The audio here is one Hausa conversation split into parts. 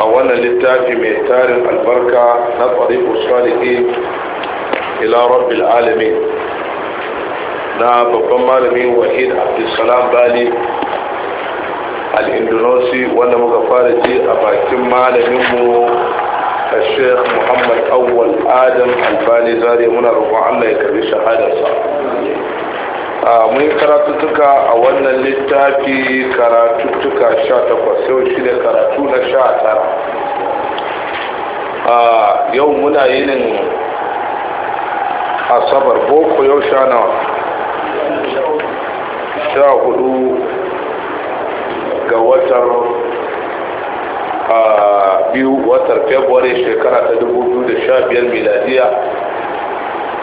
a wannan littafi mai tarin albarka na tsarifu saliki ila rabbil alamin na babban malamin wahid abdulsalam bali al wanda muka fara ji a bakin malaminmu a sheikh muhammad awwal adam albani zariya muna roƙon allah ya karbi shahadarsa mun yi karatuttuka a wannan littafi karatuttuka 18 yau shi da karatu na 19 yau muna yinin asabar boko yau sha na sha hudu ga watar biyu watar february shekara ta 2015 miladiya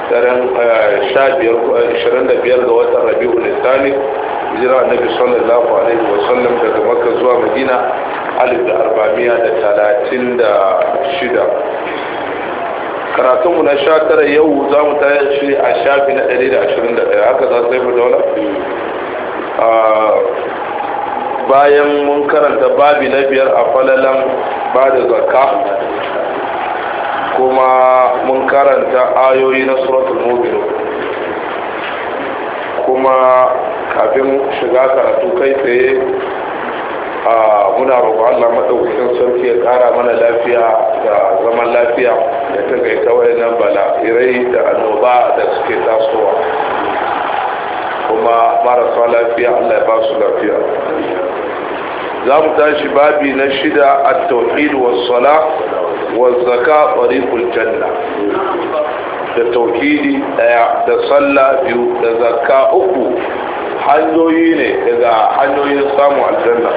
daren 25 eh, eh, ga watan rabi'ul isani jira annabi sallallahu alaihi wa sallam daga makka zuwa madina alif da arba'amiya da talatin da shida karatunmu na sha tara yau za mu tayar shi a shafi na 121 haka za su yi mu daula ah, bayan mun karanta babi na biyar a falalan ba da zaka kuma mun karanta ayoyi na suratul mu'minun kuma kafin shiga karatu kai tsaye a muna roƙo Allah madaukakin sarki ya ƙara mana lafiya da zaman lafiya da ta kai ta bala, bala'irai da annoba da suke tasowa kuma marasa lafiya Allah ya ba su lafiya za mu tashi babi na shida a tauhid wa sala wa zaka tariqul janna da tauhidi ɗaya da sallah biyu da zaka uku hanyoyi ne daga hanyoyin samun aljanna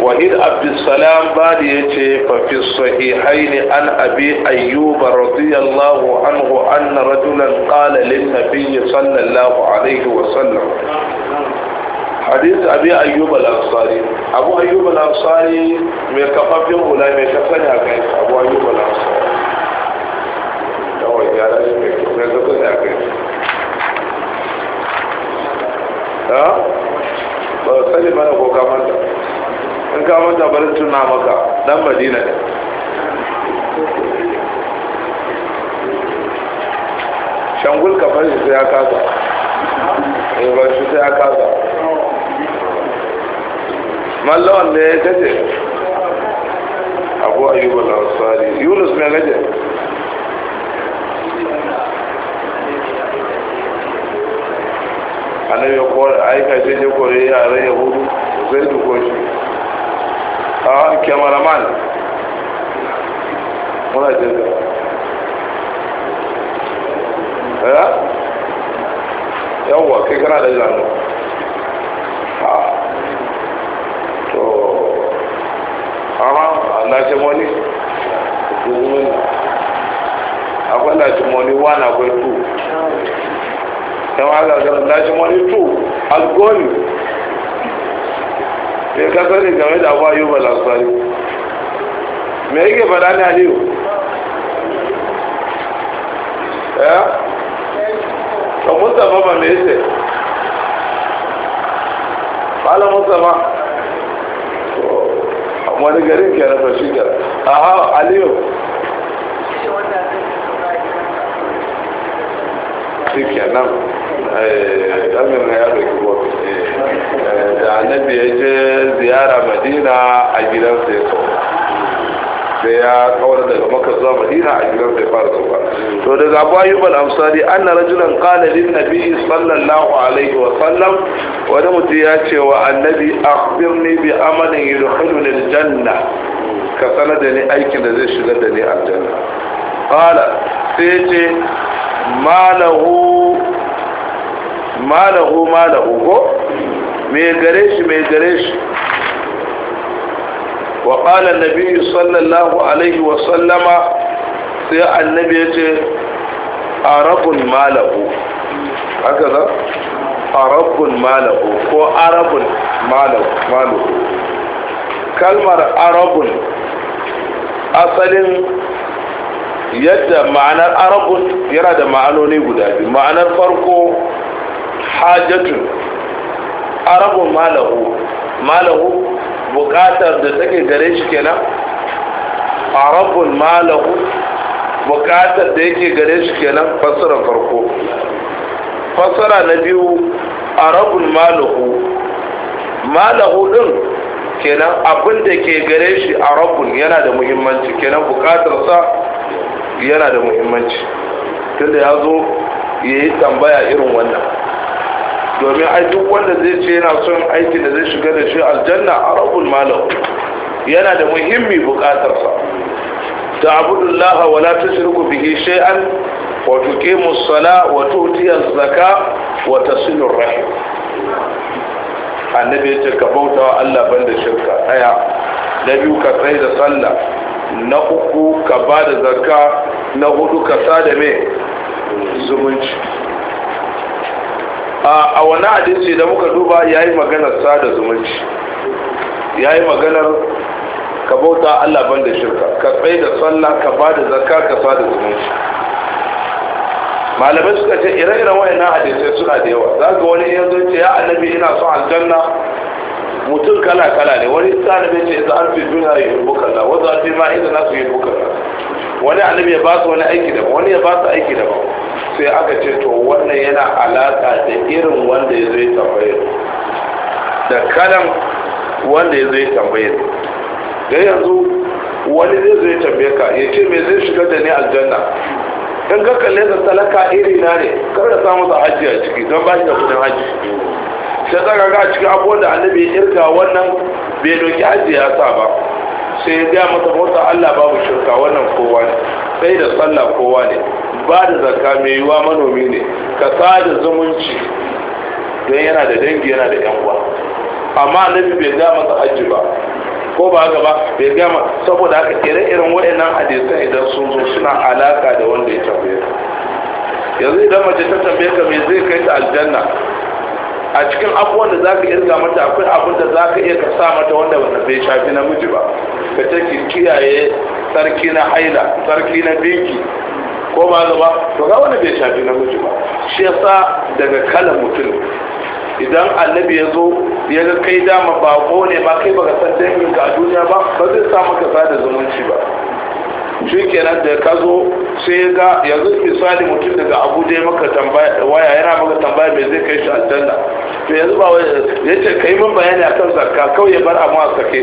وإذ عبد السلام باليتي ففي الصحيحين عن أبي أيوب رضي an عنه أن رجلا قال للنبي صلى الله عليه وسلم حديث أبي أيوب الأنصاري أبو أيوب ta من كفاف يوم لا يتفنى أكيد أبو أيوب الأنصاري هو يجعل يتفنى أكيد ها sani mana ko kamanta in kamanta bari tuna maka dan madina ne shangul kamar shi sai ya kasa ba shi sai ya kasa mallawan ne ya kace abu ayyuba al-ansari yunus ne kace annabi ya kore aika sai ya kore yaran yahudu zai duko shi a ah, kyamaraman muna jirga eh? yawwa kai kana da ilanu àwọn moni ìgbòho akwai moni 1 akwai 2 yawon alasar moni 2 alkoholi ne kasa ne game da abuwa yi balasari me yake fada ne aliyu ya ka musamman ba me yake ba ala musamman wani garin ke na shi A aha aliyu shi ke nan ɗanin eh, ya ɗauki wasu eh, eh, da annabi ya ce ziyara madina a gidan ya kawo sai ya kawar daga maka zuwa madina a gidan sai fara sauka to daga abu ayyub al-amsari anna rajulan qala lin nabiy sallallahu alaihi wa sallam wani mutum ya ce wa annabi akhbirni bi amalin yudkhiluni aljanna ka sanar da ni aikin da zai shigar da ni aljanna qala sai ce malahu malahu malahu ko me gare shi me gare shi wa qala annabi sallallahu alaihi wa sallama sai annabi ya ce arabun malahu haka za arabun malahu ko arabun malahu kalmar arabun asalin yadda ma'anar arabun yana da ma'anoni guda biyu ma'anar farko hajjatun arabun malahu malahu bukatar da take gare shi kenan arabun malahu bukatar da yake gare shi kenan fassarar farko fassara na biyu a rabin malahu malahu din kenan abin da ke gare shi a rabin yana da muhimmanci kenan bukatarsa yana da muhimmanci tunda ya zo ya yi tambaya irin wannan domin aiki wanda zai ce yana son aiki da zai shiga da shi aljanna a rabin malahu yana da muhimmi bukatarsa تعبد الله ولا تشرك به شيئا وتقيم الصلاة وتؤتي الزكاة وتصل الرحم annabi ya ce ka bauta Allah ban da shirka ɗaya na biyu ka tsaye da sallah na uku ka na ka sada mai zumunci a wani hadisi da muka duba ya yi maganar sada zumunci ya yi maganar ka bauta Allah ban da shirka ka tsaye da sallah ka ba da zakka ka sa da zumunci malamai suka ce ire-iren wayannan hadisai suna da yawa za ga wani yanzu ce ya annabi ina son aljanna mutum kala-kala ne wani sa annabi ce za an fi duniya yi bukan na wasu an fi ma inda na su yi bukan wani annabi ya ba su wani aiki da wani ya ba su aiki daban sai aka ce to wannan yana alaƙa da irin wanda ya zai tambaye da kalan wanda ya zai tambaye da yanzu wani zai zai tambaye ka ya ce me zai shigar da ni aljanna in ka kalle da talaka iri na ne kar da samu sa hajji a ciki don ba shi da kudin hajji sai tsaka ga cikin abu da annabi ya irga wannan bai doki hajji ya sa ba sai ya gaya masa mota Allah babu shirka wannan kowa ne sai da sallah kowa ne ba da zakka mai yiwa manomi ne ka sada zumunci don yana da dangi yana da yan uwa amma annabi bai gaya masa hajji ba ko ba gaba bai gama saboda haka ire irin waɗannan hadisan idan sun zo suna alaka da wanda ya tambaye yanzu idan mace ta tambaye ka me zai kai ta aljanna a cikin abubuwan da zaka ka irga mata akwai abin da zaka iya ka sa mata wanda ba bai shafi namiji ba ka ce ki kiyaye sarki na haila sarki na binki ko ba gaba to ga wanda bai shafi namiji ba shi yasa daga kalan mutum idan annabi ya zo ya ga kai dama ko ne ba kai baka san dangin ka a duniya ba ba zai sa maka sada zumunci ba shi kenan da ka zo sai ya ga yanzu misali mutum daga abuja maka tambaya waya yana maka tambaya mai zai kai shi aljanna to yanzu ba wai ya ce ka yi min bayani akan zakka kawai ya bar amma a sake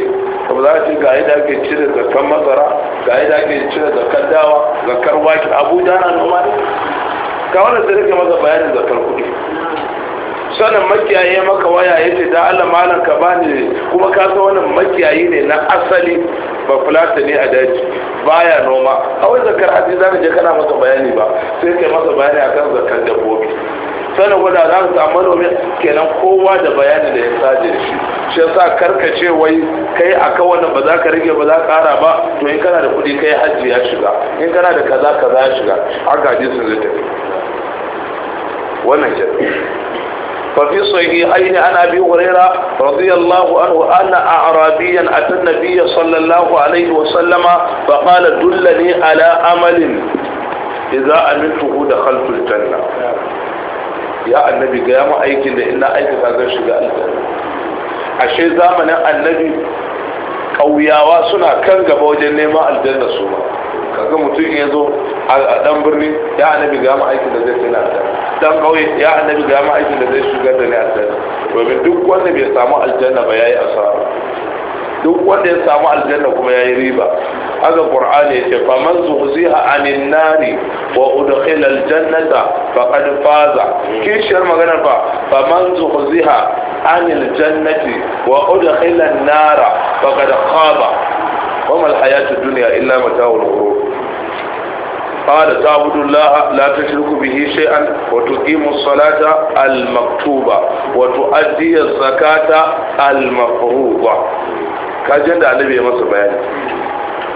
ka ba za ce ga yadda ake cire zakkan masara ga yadda ake cire zakkan dawa zakkar waki abuja na noma ne ka wanda sai ka maka bayanin zakkar kuɗi sanin makiyaye maka waya ya ce da Allah malam ka bani kuma ka san wannan makiyayi ne na asali ba fulata ne a daji baya noma a wani zakar hadisi za je kana masa bayani ba sai kai masa bayani akan zakar dabbobi sanin wanda za ka samu manomi kenan kowa da bayani da ya sace da shi shi yasa karkace wai kai akan wannan ba za ka rage ba za ka kara ba to in kana da kuɗi kai hajji ya shiga in kana da kaza kaza ya shiga haka hadisin zai tafi wannan kenan ففي صحيحين عن ابي هريره رضي الله عنه ان اعرابيا اتى النبي صلى الله عليه وسلم فقال دلني على عمل اذا عملته دخلت الجنه يا النبي قام ايكن ان ايكن هذا شيء الجنه ashe zamanin annabi ƙauyawa suna kan gaba wajen neman aljanna su ma kaga mutum ya zo a dan birni ya annabi ga mu aikin da zai kai na dan ƙauye ya annabi ga mu aikin da zai shigar da ni aljanna domin duk wanda bai samu aljanna ba yayi asara duk wanda ya samu aljanna kuma ya yi riba haka qur'ani yace faman zuhziha anin nari wa udkhila aljannata faqad faza kishiyar maganar fa faman zuhziha anil jannati wa udkhila an-nara faqad khaba وما الحياة الدنيا إلا متاع الغرور قال تعبد الله لا تشرك به شيئا وتقيم الصلاة المكتوبة وتؤدي الزكاة المفروضة kajin da annabi ya masa bayani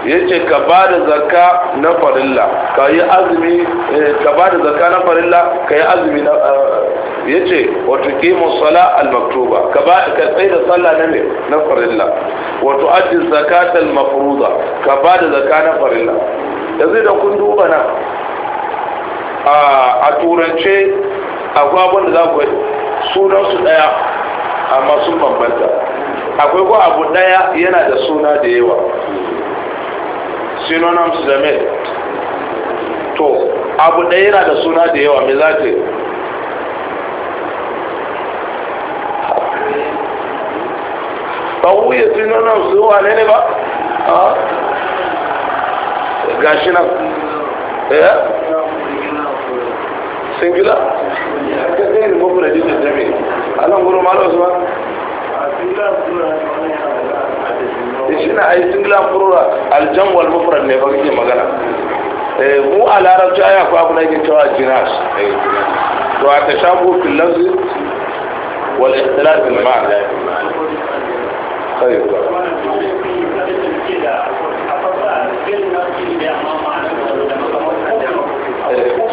ya ce ka ba da zakka na farilla ka yi azumi eh, ka ba da zakka na farilla ka yi azumi na eh, ya ce wato kimin sala al-maktuba ka ba ka tsai da sallah na me na farilla wato ajin zakat al-mafruza ka ba da zakka na farilla yanzu da kun duba na a turance akwai abin da za ku yi sunan su daya amma sun bambanta akwai ko abu daya yana da suna da yawa synonyms da to abu daya yana da suna da yawa me za ta yi ba wuye synonyms zuwa ne ne ba shi na ya eh? singular ta zai ne mafi da jikin jami'a alan guru malo su ba Eh, shi na ai singular plural wal mufrad ne ba kike magana eh, mu a larabci aya ko abu na cewa eh, jinas to a tashabu fil lafz wal ikhtilaf bil ma'na tayyib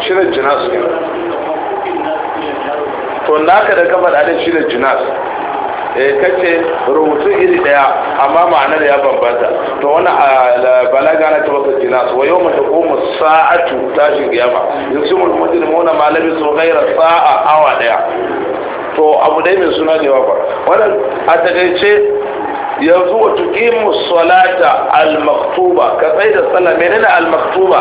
shirin jinas to naka da kafa da shi da jinas Eh, kace rubutu iri daya amma ma'anar ya bambanta to wani ah, balaga na tabbata jinas wa yawma taqumu sa'atu tashin qiyama yusimul mujrimuna ma labisu ghayra sa'a awa daya to abu dai mai suna ne yawa wannan a takaice yanzu wa tuqimu salata al-maktuba ka tsaya da sallah menene al-maktuba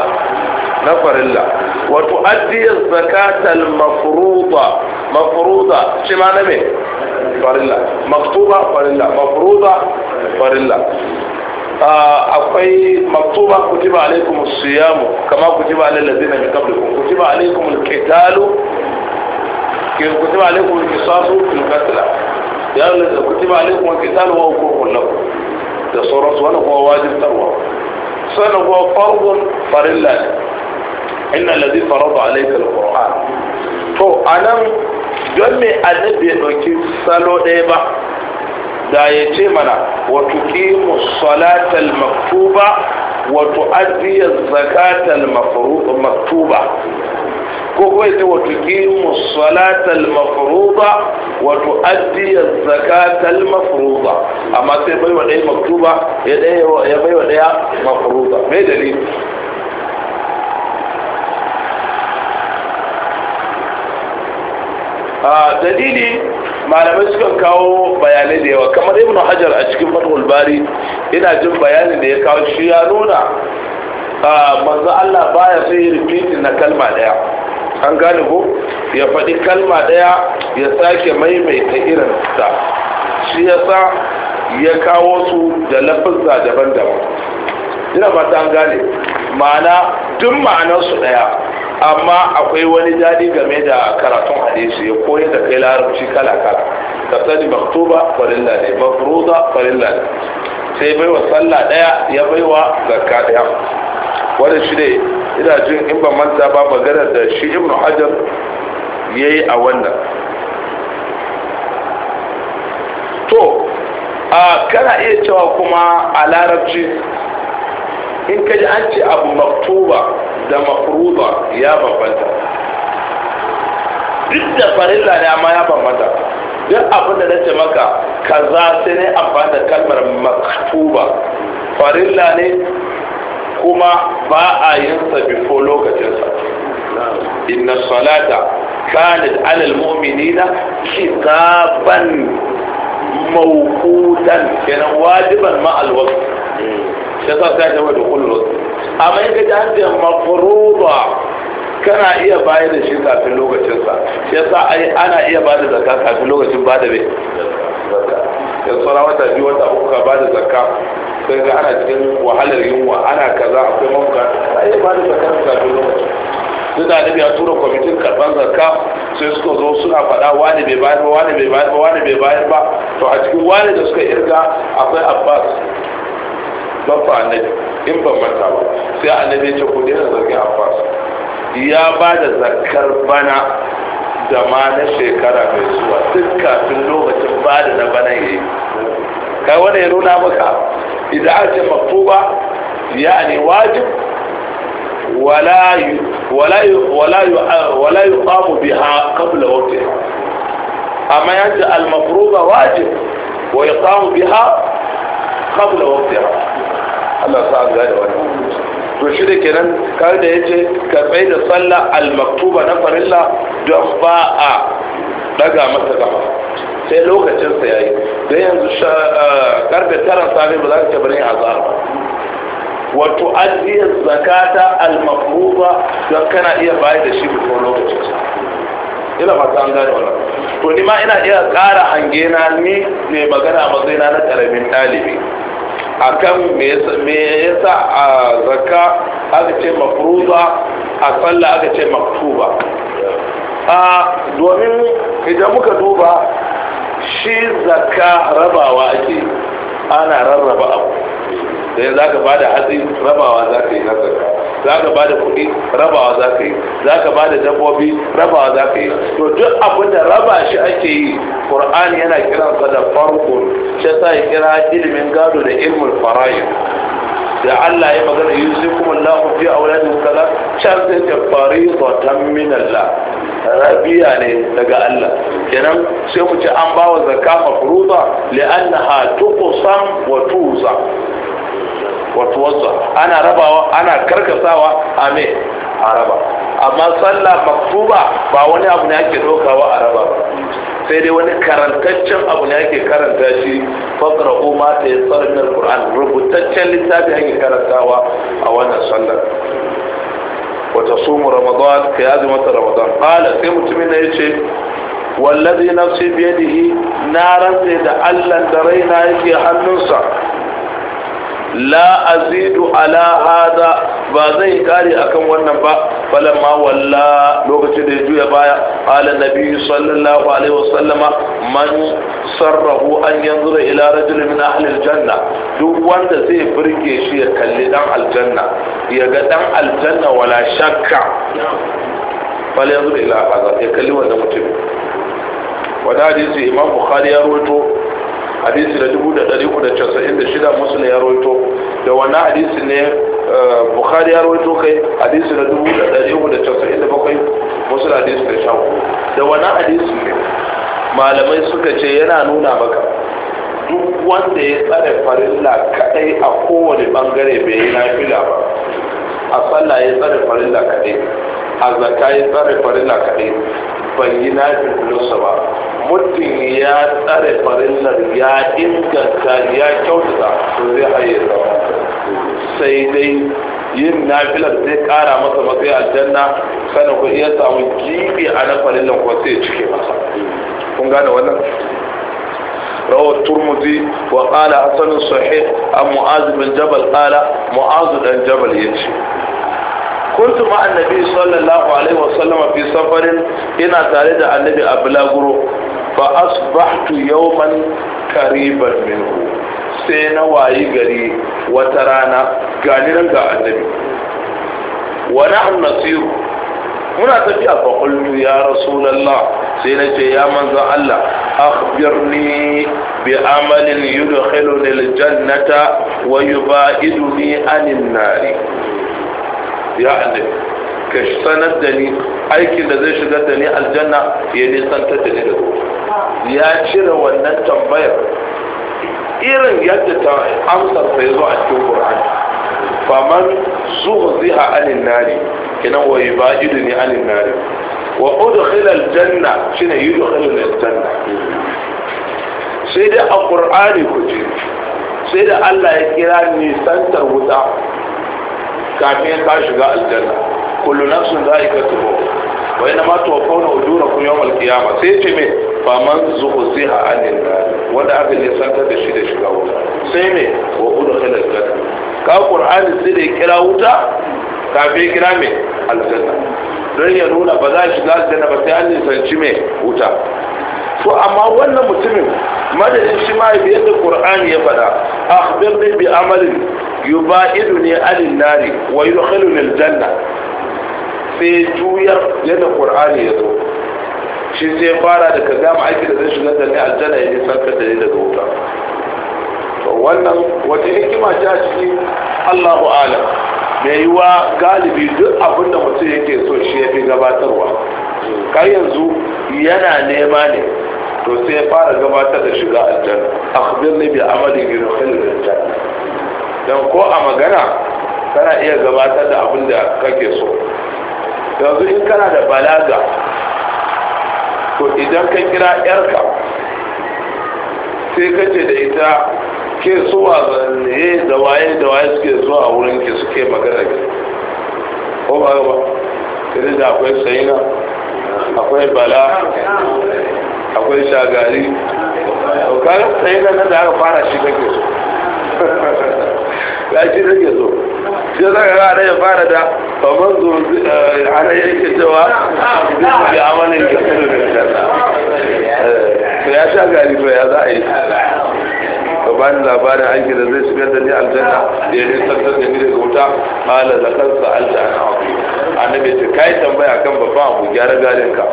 na farilla wa tuaddi zakata al-mafruḍa mafruḍa shi ma na me farin la maktuba farin farilla mafruza la akwai maktuba kutiba alaikum as-siyam kama kutiba alal ladina min qablikum kutiba alaikum al-qital kutiba alaikum al-qisas fil qatl ya alladhi kutiba alaikum al-qital wa huwa lakum da sura wannan kuma wajib tarwa sannan kuma fardun farilla ne inna ladhi farada alayka alquran to anan don me annabi ya dauki salo ɗaya ba da ya ce mana wa tuqimu salata Maktuba, wa tu'addi zakatal zakata maktuba ko kuma ita wa tuqimu salata al-mafruḍa wa tuaddi zakatal zakata mafruḍa amma sai bai wa dai maktuba ya dai ya bai wa dai mafruḍa me dalili A dalili malamai suka kawo bayanai da yawa kamar ibn hajar a cikin fatul bari ina jin bayanin da ya kawo shi ya nuna manzo Allah baya sai rubuta na kalma daya an gane ko ya faɗi kalma daya ya sake maimaita irin sa shi yasa ya kawo su da lafazza daban-daban ina ba ta gane ma'ana duk su ɗaya amma akwai wani daɗi game da karatun hadisi ya koyar da kai larabci kala-kala ka sani maktuba farilla ne mafruza farilla ne sai baiwa sallah ɗaya ya baiwa zakka ɗaya wanda shi ne ina jin in ba manta ba maganar da shi ibn hajar ya yi a wannan to kana iya cewa kuma a larabci in ka ji an ce abu maktuba da makruba ya bambanta duk da farilla ne amma ya bambanta duk abin da nace maka kaza sai ne amfani da kalmar maktuba farilla ne kuma ba a yin sa bifo lokacinsa inna salata kanat alal mu'minina kitaban mawqutan kenan wajiban ma alwaqt ya sa sai gaba da kullum amma in ka ji an ce mafruba kana iya bayar da shi kafin lokacinsa ya sa ana iya ba da zakka kafin lokacin ba da bai ya tsara wata biyu wata uku ka ba da zakka sai ga ana cikin wahalar yunwa ana kaza akwai mafuka iya ba da zakka kafin lokacin duk da annabi ya tura kwamitin karban zakka sai suka zo suna faɗa wani bai bayar ba wani bai bayar ba wani bai bayar ba to a cikin wani da suka irga akwai abbas babba annabi in ban manta ba sai annabi ya ce ku daina zargin abbas ya ba da zakar bana da ma na shekara mai zuwa duk kafin lokacin ba da na bana ya yi kai wani ya nuna maka idan aka ce maktuba ya ne wajib ولا ي... ولا ي... ولا ي... ولا يقام بها قبل وقتها اما يجعل المفروضه واجب ويقام بها قبل وقتها Allah sa an gane wani to shi da kenan kar da yace ka tsaye da sallah al-maktuba na farilla don ba a daga masa gaba sai lokacin sa yayi dan yanzu eh, karfe tara safe ba za ka bari azhar ba wato ajiyar zakata al-maktuba don kana iya bayar da shi before lokacin sa ina fata an gane wannan to ni ma ina iya kara hange na ni ne magana mazaina na karamin ɗalibi akan me yasa a zaka aka ce mafruza a sallah aka ce maktuba a domin idan muka duba shi zakka rabawa ake ana rarraba abu sai za ka bada hatsi rabawa za ka yi na za ka bada kuɗi rabawa za ka yi za ka bada dabbobi rabawa za ka yi to duk abin da raba shi ake yi qur'ani yana kiransa da farko shi sa ya kira ilimin gado da ilmul fara'id da Allah ya magana Sai kuma Allah fi auladi kala can sai ta faridatan min Allah rabiya ne daga Allah kenan sai ku ce an bawa zakka mafruza li'annaha tuqsam wa tuza wa tuwazza ana rabawa ana karkasawa a a raba amma sallah maktuba ba wani abu ne ake dokawa a raba ba sai dai wani karantaccen abu ne ake karanta shi fakra'u ma ta yi tsarin alkur'an rubutaccen littafi ake karantawa a wannan sallar wata sumu ramadan ka yazi mata ramadan ƙala sai mutumin da ya ce wallazi da yi? na rantse da allah da raina yake hannunsa la azidu ala hada ba zai kare akan wannan ba falamma walla lokacin da ya juya baya qala nabi sallallahu alaihi wasallam man sarrahu an yanzura ila rajul min ahli aljanna duk wanda zai burge shi ya kalli dan aljanna ya ga dan aljanna wala shakka fal yanzura ila hadha ya kalli wannan mutum wani hadisi imam bukhari ya rawaito hadisi da dubu da ɗari da casa'in da shida musulun ya roito da wani hadisi ne eh, bukhari ya roito kai hadisi da dubu da ɗari da casa'in da bakwai musulun hadisi da shaku da wani hadisi ne malamai suka ce yana nuna maka duk wanda ya tsare farilla kaɗai a kowane ɓangare bai yi na fila ba a sallah ya tsare farilla kaɗai a zaka ya tsare farilla kaɗai bai yi nafin kulinsa ba muddin ya tsare farillar ya inganta ya kyautata to zai haye zama sai dai yin nafilar zai kara masa matsayi aljanna sanin ku iya samu gibi a na farillar ko sai cike masa kun gane wannan روى الترمذي وقال حسن صحيح عن معاذ بن جبل قال معاذ بن جبل يتشي kuntu ma annabi sallallahu alaihi wa sallam fi safarin ina tare da annabi a bulaguro fa asbahtu yawman kariban minhu sai na wayi gari wata rana gani nan ga annabi wa nahnu nasiru muna tafiya fa qultu ya rasulullah sai na ce ya manzo Allah akhbirni bi amalin yudkhiluni aljannata wa yubaiduni anin nari ya annabi ka sanar da ni aikin da zai shigar da ni aljanna ya nisantar da ni da ya cire wannan tambayar irin yadda ta amsa sai zo a cikin qur'ani faman zuhziha anin nari kinan wa yubajidu ni anin nari wa udkhila aljanna shine yudkhila aljanna sai da a qur'ani kuje sai da Allah ya kira nisantar wuta kafin ka shiga aljanna kullu nafsin za'iqatul maut wa inna ma tuwaffawna ujurakum yawm al-qiyamah sai ce me fa man zuhziha 'anil nar wanda aka lissantar da shi da shiga wuta sai me wa udkhala al-janna ka qur'ani sai da kira wuta kafin kira me aljanna don ya nuna ba za a shiga aljanna ba sai an nisanci me wuta to amma wannan mutumin madadin shi ma biyar da qur'ani ya faɗa akhbirni bi amalin yubaiduni alin nari wa yudkhiluni aljanna sai juyar yadda qur'ani ya zo shi sai fara da ka gama aiki da zai shiga da ni aljanna ya nisan da ni daga wuta wannan wata hikima ce a cikin allahu alam mai yiwa galibi duk abin da mutum yake so shi ya fi gabatarwa kar yanzu yana nema ne to sai ya fara gabatar da shiga a aljanna akhbirni bi amalin yudkhilul aljanna don ko a magana kana iya gabatar da abin da kake so yanzu in kana da balaga to idan ka kira yarka sai kace da ita suke zuwa zane da waye da waye suke zuwa wurin ke suke magana ke ko ba ba sai da akwai sayina akwai bala akwai shagari to kaga sayina na da aka fara shi kake so ya shi kake so sai za ka ga ya fara da kamar zo ana yake cewa zai bi amalin kasiru da shagari eh, to ya shagari to ya za a yi ka ni labarin aiki da zai shigar da ni aljanna da ya nisantar da ni daga wuta kala da kansa aljanna annabi ce kai tambaya kan babban abu gyara garin ka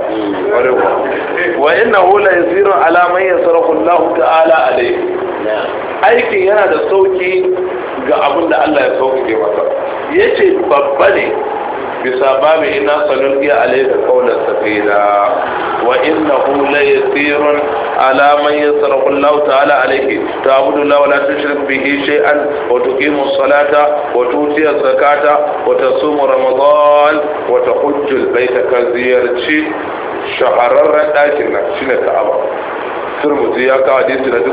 wa innahu la yasiru ala man yasrahu Allah ta'ala alayhi Aiki yana da sauki ga abin da Allah ya sauke masa yace babba ne bisa babu ina sanulki alayka qawlan safina wa innahu la yasirun ala man yasrahu Allah ta'ala alayhi ta'budu Allah wa la tushriku bihi shay'an wa tuqimu as-salata wa tuti az-zakata wa tasumu ramadan wa tahujju al-bayta ka ziyarci shahararren dakin nan shine ya kawo na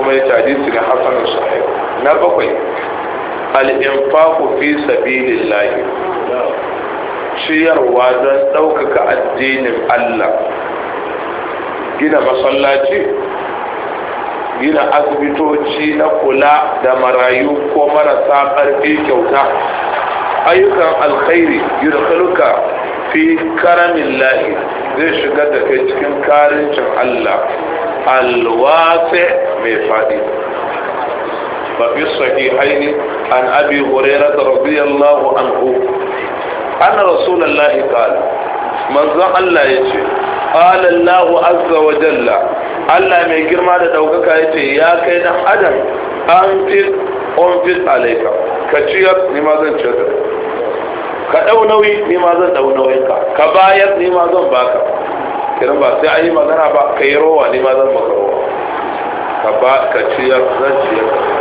kuma na bakwai al'infaku fi sabilillahi ciyarwa don ɗaukaka addinin Allah gina masallaci gina asibitoci na kula da marayu ko marasa ƙarfi kyauta ayyukan alkhairi yudkhuluka fi karamin lahi zai shiga da kai cikin karincin Allah alwase mai faɗi ففي الصحيحين عن أبي هريرة رضي الله عنه أن رسول الله قال من ذا الله يجي قال الله عز وجل Allah mai girma da ɗaukaka ya ce ya kai na adam an fit on fit alaika ka ciyar ni ma zan ciyar ka ɗau nauyi ni ma zan ɗau ka ka bayar ni ma zan baka kiran ba sai an yi magana ba ka ni ma zan maka rowa ba ka ciyar zan ciyar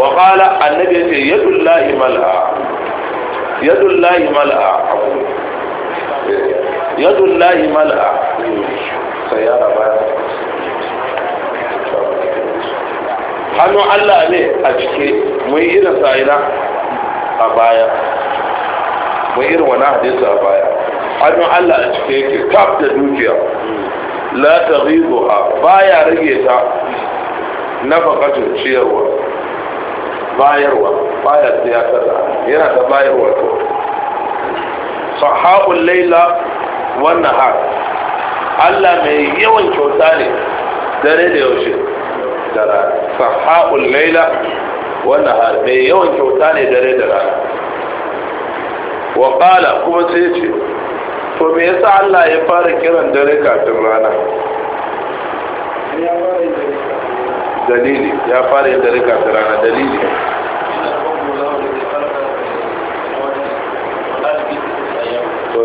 wa qala annabi yace yadullahi mal'a yadullahi mal'a yadullahi mal'a sayara ba hannu Allah ne a cike mun yi irin sa'ina a baya mun irin wani hadisi a baya Hannu Allah a cike yake kaf da dukiya la ta rizo a baya rage ta na bakatun ciyarwa bayarwa baya siya kaza yana da bayarwa to sahabul laila wannan har Allah mai yawan kyauta ne dare da yaushe da rana sahabul laila wannan har mai yawan kyauta ne dare da rana wa qala kuma sai ce to me yasa Allah ya fara kiran dare kafin rana دليلي يا فارق طريقه ترى انا دليلي يا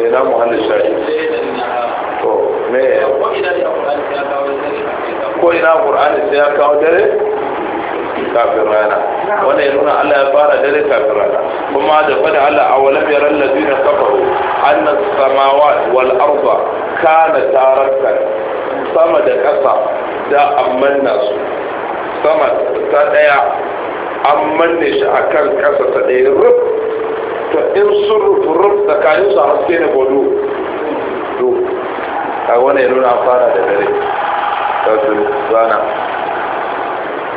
هنا محل الشاهد تو ما يا لا يا سي اكو دري يا انا وانا يقول يا يفارق دري كافر انا وما يا على اولم يرى الذين كفروا يا السماوات والارض كانت تاركا sama da kasa da amman nasu sama ta ɗaya an manne shi a kan ƙasa ta ɗaya rub to in sun rufu ruf kayan su a haske ne bodu to a wani nuna fara da dare ta tuni rana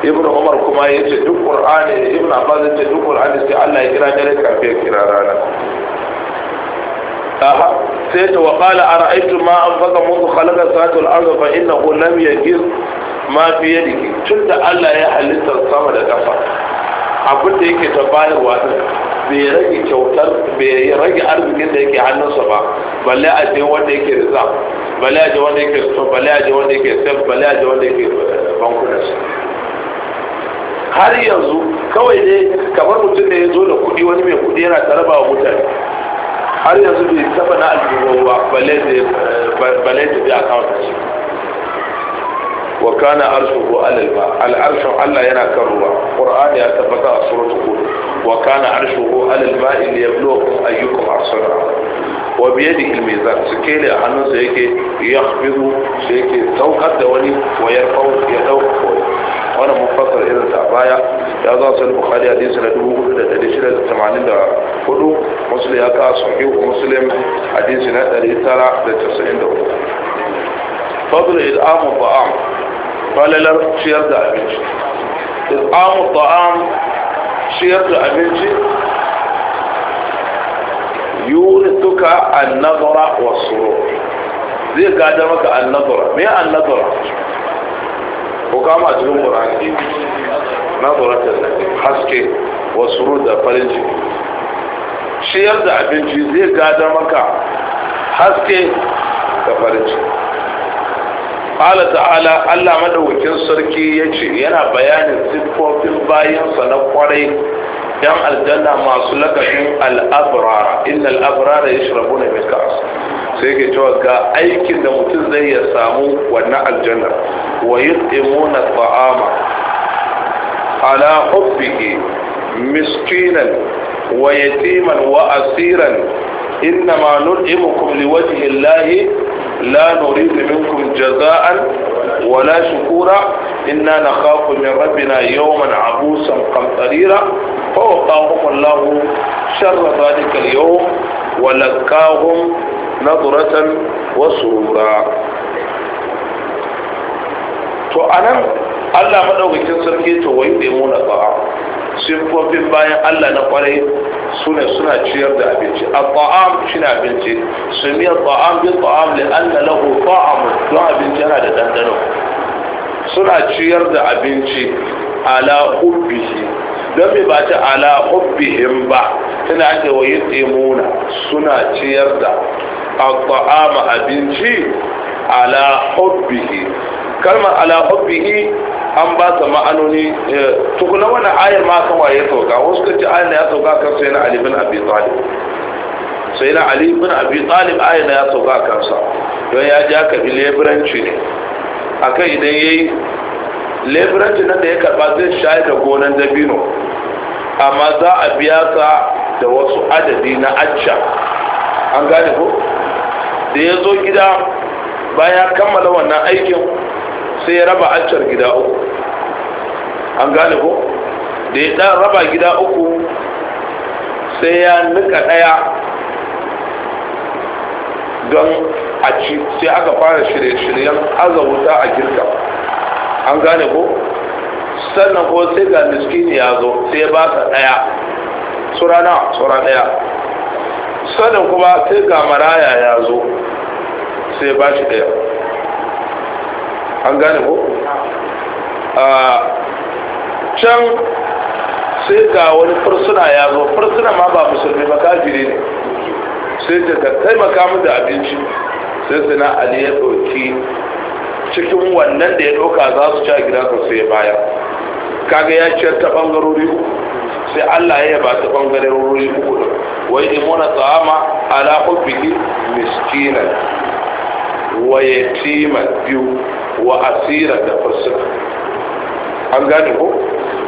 ibn umar kuma ya ce duk qur'ani ibn abbas ya ce duk qur'ani sai Allah ya kira dare kafin ya kira rana aha sai ta wa qala ara'aytu ma anfaqa mundu khalaqa sa'atul ardh fa innahu lam yajiz ma fi yadda tun da Allah ya halittar sama da ƙasa abin da yake ta bayarwa bai rage kyautar bai rage arzikin da yake hannunsa ba balle a je wanda yake rizza balle a je wanda yake rizza balle a je wanda yake sef balle a je wanda yake bankunansa har yanzu kawai dai kamar mutum da ya zo da kuɗi wani mai kuɗi yana taraba wa mutane har yanzu bai taɓa na aljihu ba balle da eh, balle da bi wa kana arshuhu alal ma al arshu Allah yana kan ruwa qur'ani ya tabbata a suratul hud wa kana arshuhu alal ma in yabluwakum ayyukum ahsanu wa bi yadihi al mizan sikeli a hannunsa yake yakhbidu sai yake saukar da wani wa yarfau ya dauka wani wannan mufassar irin ta baya ya zo sai bukhari hadisi na 4684 muslim ya ka sahih muslim hadisi na 994 fadl al-am wa am قال لا شير ده عبنجي الطعام الطعام شير ده عبنجي يورثك النظرة والسرور زي قادمك النظرة مية النظرة وقام أجلوم قرآن نظرة حسكي وسرور ده فلنجي شير ده عبنجي زي قادمك حسكي ده فلنجي qala ta'ala Allah madaukakin sarki ya ce, yana bayanin siffofin bayansa na kwarai yan aljanna masu lakabin al-abrar inna ya abrar yashrabuna min ka'as sai ke cewa ga aikin da mutum zai ya samu wannan aljanna wa yut'imuna ta'ama ala hubbihi miskinan wa yatiman wa asiran إنما نطعمكم لوجه الله لا نريد منكم جزاء ولا شكورا إنا نخاف من ربنا يوما عبوسا قمطريرا فوقاهم الله شر ذلك اليوم ولكاهم نظرة وسرورا to Allah madaukakin sarki to wai bai muna ba'a siffofin bayan Allah na kwarai suna suna ciyar da abinci a ta'am shine abinci sumi ta'am bi ta'am li anna lahu ta'am to abinci yana da dandano suna ciyar da abinci ala hubbihi don bai ba ta ala hubbihim ba tana ake wayi tsemuna suna ciyar da ta'ama abinci ala hubbihi kalmar ala hubbihi an ba ta ma'anoni eh, tukuna wani ayar ma kan waye sauka wasu kacce ayar na ya sauka kan sai na ali bin abi talib sai na ali bin abi talib ayar na ya sauka kansa don ya ja ka leburanci ne A kan idan ya yi. leburanci na da ya karba zai shayi da gonan dabino amma za a biya ka da wasu adadi na acca an gane ko da ya zo gida bayan kammala wannan aikin sai ya raba alcar gida uku an gane ko da ya dan raba gida uku sai ya nika daya don a ci sai aka fara shirye-shiryen aza wuta a girka an gane ko sannan ko sai ga miskini ya zo sai ba ta daya surana na daya sannan kuma sai ga maraya ya zo sai ba shi daya an gane ko a can sai ga wani fursuna ya zo fursuna ma ba musulmi ba kafiri ne sai ta taimaka mu da abinci sai sai na ali ya ɗauki cikin wannan da ya ɗauka za su ci gida gidansa sai ya kaga ya ciyar ta ɓangarori sai Allah ya ba ta ɓangarori uku wai imuna tsawama ala hubbihi miskinan wa yatima biyu wa asira da fasika an gane ko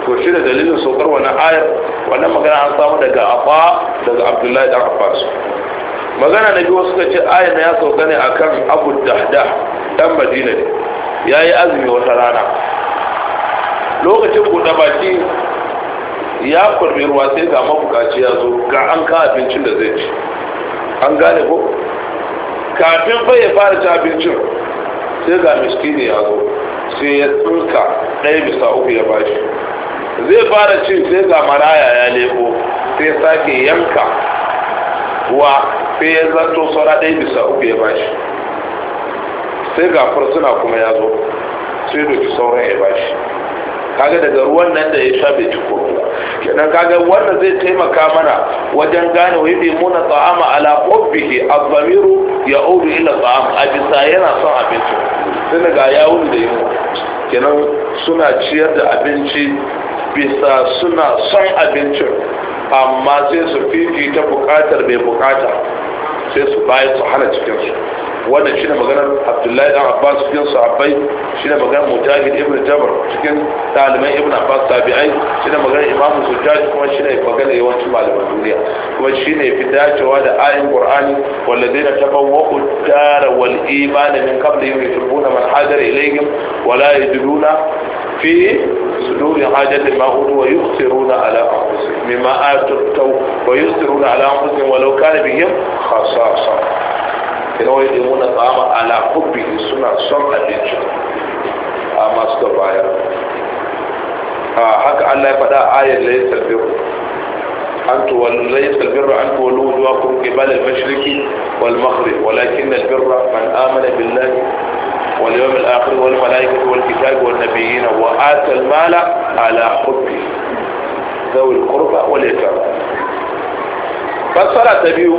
to shi da dalilin saukar wannan ayar wannan magana an samu daga afa daga abdullahi dan abbas magana na biyu suka ce ayar ya sauka ne akan abu dahda dan madina ne ya yi azumi wata rana lokacin buɗe baki ya kurbi ruwa sai ga mabukaci ya zo ga an ka abincin da zai ci an gane ko kafin fa ya fara ci abincin sai ga miskini ya zo sai ya tsinka ɗaya bisa uku ya bashi zai fara cin sai ga maraya ya lebo sai sake yanka wa sai ya zato saura ɗaya bisa uku ya bashi sai ga fursuna kuma ya zo sai doki sauran ya bashi kaga daga ruwan nan da ya sha bai ci ba kenan kaga wannan zai taimaka mana wajen gane wa yi muna ta'ama ala qubbihi az-zamiru ya'udu ila ta'am a yana son abinci tunda ga wuni da yunwa kenan suna ciyar da abinci bisa suna son abincin amma sai su fiji ta bukatar bai bukata sai su bayar su hana cikinsu wannan shi ne maganar abdullahi dan abbas cikin sahabbai shi ne maganar mujahid ibn jabar cikin ɗaliban ibn abbas tabi'ai shi ne maganar imamu sujjaj kuma shi ne maganar yawancin malaman duniya kuma shi ne fi dacewa da ayin qur'ani walladheena tabawwa'u dara wal imana min qablihim yuhibbuna man hajara ilayhim wa la yajiduna في صدور حاجة ما أوتوا ويؤثرون على أنفسهم مما آتوا ويسرون على أنفسهم ولو كان بهم خصاصه. إنه يدمون الطعام على حبه سنة سنة لجو أما آه، استوى آية آه، حكى الله فدا آية ليس البر أنت وليس البر أن تولوا وجواكم قبال المشرك والمغرب ولكن البر من آمن بالله واليوم الآخر والملائكة والكتاب والنبيين وآتى المال على حبه ذوي القربى واليتامى fassara ta biyu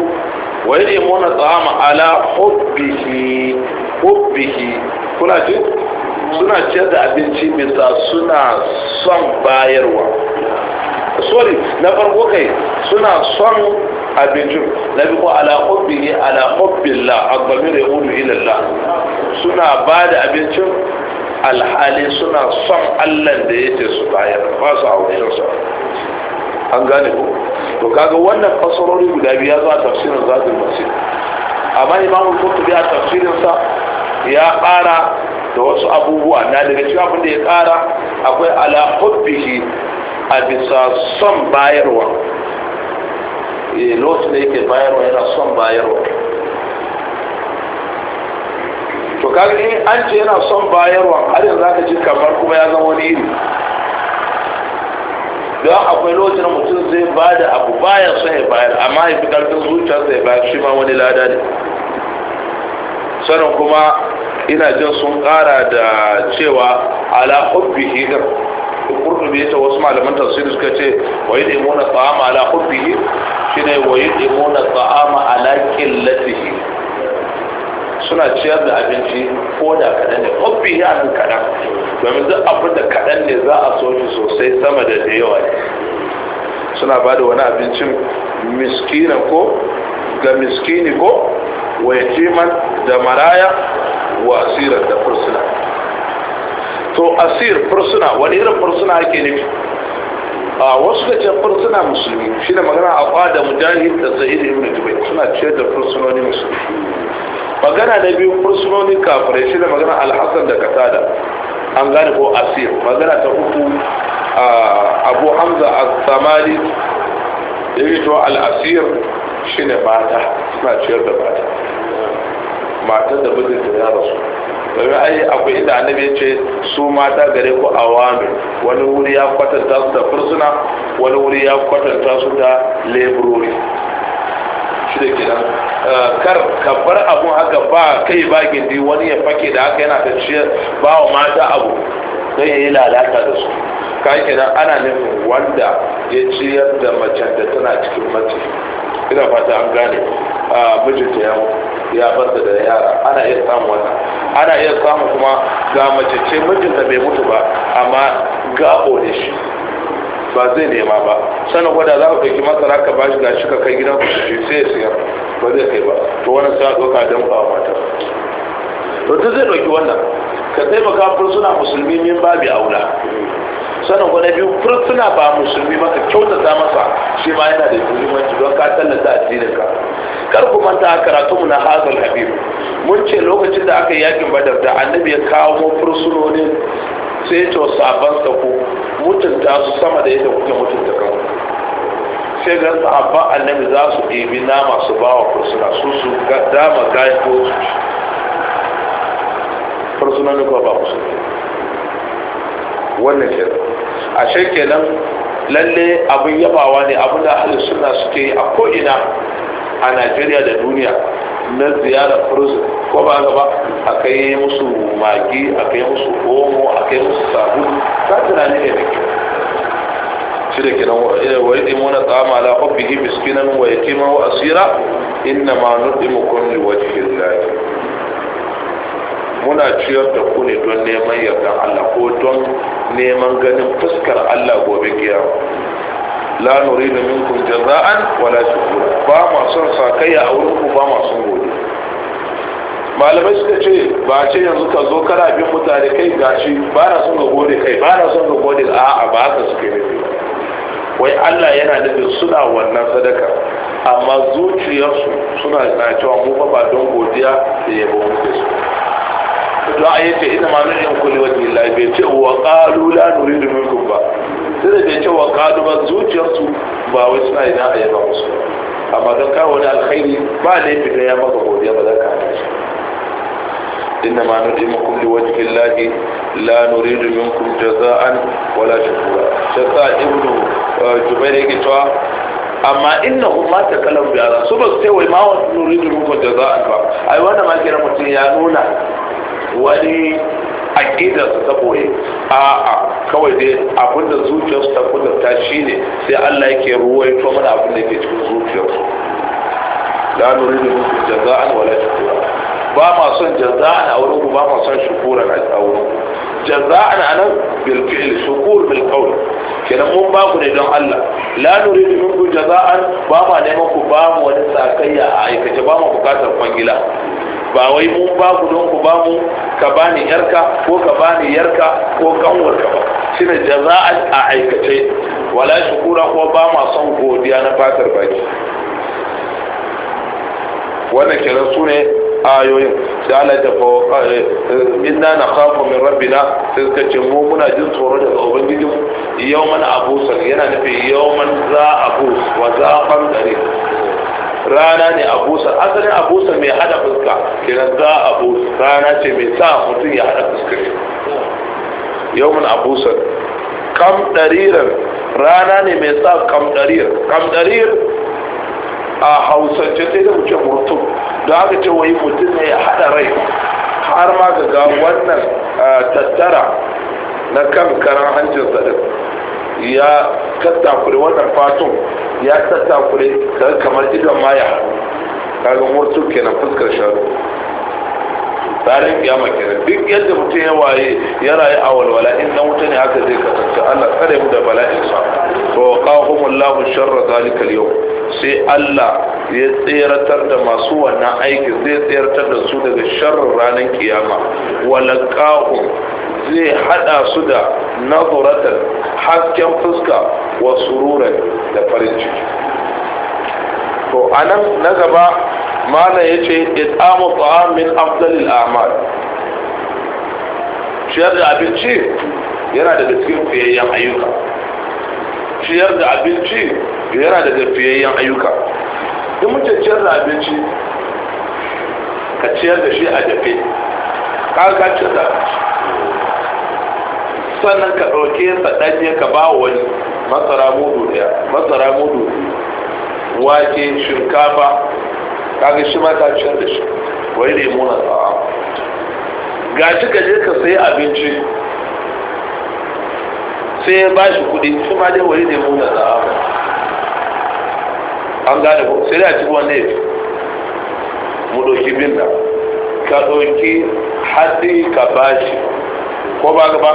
wa yi muna tsama ala hubbihi kuna ce suna ce da abinci bisa suna son bayarwa sorry na farko kai suna son abincin na bi ko ala hubbihi ala hubbillah agbamir yahudu ilallah suna ba da abincin alhali suna son allan da ce su bayar ba su a an gane ko to kaga wannan fasarori guda biyu ya zo a tafsirin zadul masir amma imamu qurtubi a tafsirinsa ya ƙara da wasu abubuwa na daga cikin abin da ya ƙara akwai ala hubbihi a bisa son bayarwa eh, lotu da yake bayarwa yana son bayarwa to kaga in an ce yana son bayarwa har yanzu aka ji kamar kuma ya zama wani iri don akwai lokacin mutum zai ba da abu baya son ya bayar amma ya fi karfin zuciyarsa ya bayar shi ma wani lada ne sannan kuma ina jin sun kara da cewa ala hubbi hidar kurdubi ta wasu malaman tafsiri suka ce wa yi imuna ta'ama ala shi shine wa yi imuna ta'ama ala killatihi suna ciyar da abinci ko da kaɗan ne hobbi ya kaɗan domin duk abin da kaɗan ne za a so shi sosai sama da da yawa ne suna ba da wani abincin miskina ko ga miskini ko wa timan da maraya wa asirar da fursuna to asir fursuna wani irin fursuna ake nufi a wasu da ce fursuna musulmi shi da magana a kwada mujahid da sa'id ibn jubai suna ce da fursunoni musulmi magana na biyu fursunoni kafirai shi da magana alhassan da katada an gane ko asir magana ta uku abu hamza al-samali da yi to al-asir shi ne mata suna ciyar da mata matar da mijinta ya rasu domin ai akwai inda annabi ya ce su mata gare ku awami wani wuri ya kwatanta su da fursuna wani wuri ya kwatanta su da leburori shi da kenan eh, kar ka bar abun haka ba kai ba gindi wani ya fake da haka yana ta ciyar ba wa mata abu don ya yi lalata da su kai kenan ana nufin wanda ya ciyar da macen da tana cikin mace ina fata an gane a mijinta ya ya barta da yara ana iya samun wannan ana iya samun kuma ga mace ce mijinta bai mutu ba amma gabo ne shi ba zai nema ba sanin kwada za ka ɗauki masara ka bashi ga shi ka kai gidan ku shi sai ya siyar ba zai kai ba to wannan sai a ɗauka don ba mata to duk zai ɗauki wannan ka taimaka fursuna musulmi min babi aula sannan wani biyu fursuna ba musulmi maka kyautata masa shi ma yana da muhimmanci don ka tallata addinin ka kar ku manta karatu mu na hazal habib mun ce lokacin da aka yi yakin badar da annabi ya kawo mu ne sai to sabon sa mutunta su sama da yadda kuke mutunta kanku sai ga sahabba annabi za su ɗebi nama su ba wa fursuna su su dama kayan ko fursuna ko ba musulmi wannan kenan ashe kenan lalle abin yabawa ne abin da ahalin suna suke yi a ko'ina a najeriya da duniya na ziyarar prison ko ba gaba a kai musu magi a kai musu omo a kai musu sabu ta tunani ne ne ke shi da kiran wani yi muna tsama la hobbihi miskinan wa yatiman wa asira inna ma nudimukum kulli wajhi llahi muna ciyar da ku ne don neman yardan Allah ko don neman ganin fuskar Allah gobe giya. la nuridu minkum jaza'an wala shukura ba ma son sakayya a wurin ku ba ma son gode malamai suka ce ba ce yanzu ka zo kana bin mutane kai gashi ba na son ga gode kai ba na son ga gode a'a ba haka suke nufi wai Allah yana nufin suna wannan sadaka amma zuciyarsu suna na cewa mu ba don godiya da yabo muke su don a yace ina ma nujin kulli wajen Allah bai ce wa qalu la nuridu minkum ba sai da bai ce wa qalu ba zuciyarsu ba wai suna ina a yaba musu amma don kawo wani alkhairi ba laifi da ya maka godiya ba za ka hana shi inna ma nudimukum li wajhi Allah la nuridu minkum jaza'an wala shukura shaka ibnu eh, jubair yake cewa amma inna umma ta kalam bi su ba sai wai ma wa nuridu minkum jaza'an ba ai wannan ma kira mutum ya nuna wani aƙidar su ta boye a'a kawai dai abinda zuciyarsu ta kudurta ne, sai Allah yake to mana abin da ke cikin zuciyarsu la da minkum jaza'an wala shukura ba ma son jaza'an a wurin ba ma son shukura a wurin jaza'an anan bil fi'l shukur bil qawl kenan mun ba ku ne don Allah la nuridu minkum jaza'an ba ma neman ku ba mu wani sakayya a aikace ba mu bukatar kwangila ba wai mun ba ku don ku ba mu ka bani yarka ko ka bani yarka ko ka ba shine jaza'an a aikace wala shukura ko ba ma son godiya na fatar baki wannan kenan su ne ayoyin sai Allah ta fa inna nakhafu min rabbina sai suka ce mu muna jin tsoro daga ubangijin yawman abusan yana nufi yawman za abus wa za qandari rana ne abusa asalin abusa mai hada fuska kiran za abus rana ce mai sa mutum ya hada fuska yawman abusan kam dariran rana ne mai sa kam darir kam darir a hausance sai da wuce mutum da aka ce wai mutum ne ya haɗa rai har ma ga ga wannan tattara na kan karan hancin din ya tattakure wannan fatun ya tattakure daga kamar idon ma ya haɗu kaga ke kenan fuskar sharu tsarin kiyama kenan duk yadda mutum ya waye ya rayu a walwala in na wuta ne haka zai kasance Allah kare mu da bala'in sa to qahumullahu sharra zalikal yawm sai Allah ya tseratar da masu wannan aiki zai tseratar da su daga sharrin ranar kiyama walaqahum zai hada su da nazaratan hasken fuska wa sururan da farin ciki to anan na gaba mana yace it'amu ta'am min afdalil a'mal ciyar da abinci yana daga cikin fiyayyen ayyuka ciyar da abinci yana da gafiyayyen ayyuka in muke ciyar da abinci ka ciyar da shi a dafe ka ciyar da abinci sannan ka ɗauke sa ɗanye ka ba wani masara mudu ɗaya masara mudu wake shinkafa kaga shi ma ka ciyar da shi wai lemu na tsawa gashi ka je ka sayi abinci sai ya ba shi kuɗi shi ma dai wani lemu na tsawa an gane ko sai da ci wannan yafi mu ɗauki bin nan ka ɗauki hadi ka bashi ko ba ga ba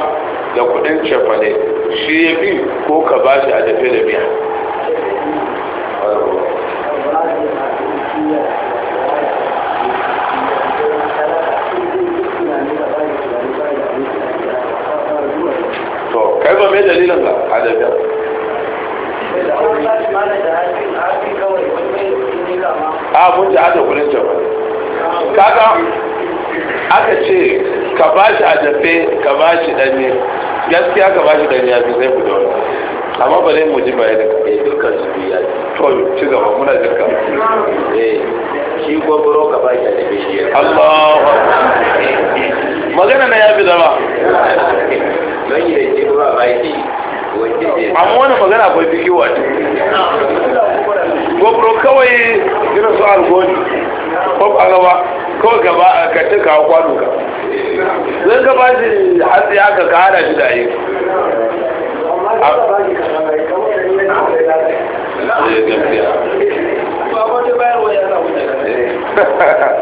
da kudin cefane shi ya bi ko ka bashi a dafe da biya kai ba mai dalilin ga a da a mun ta hada kudin ta ba kaga aka ce ka ba shi a dafe ka ba shi danye gaskiya ka ba shi danye fi zai ku dole amma ba zai ba yadda ka yi eh, dukkan su biya to ci gaba muna jirka eh shi gwagwaro ka ba shi a dafe shi Allah magana na ya fi zama don yi da ba ba shi amma wani magana akwai fiki wato gobro kawai gina su algoni ko a gaba kawai gaba a kacce kawo kwano ka zan gaba shi hatsi aka kada shi da yi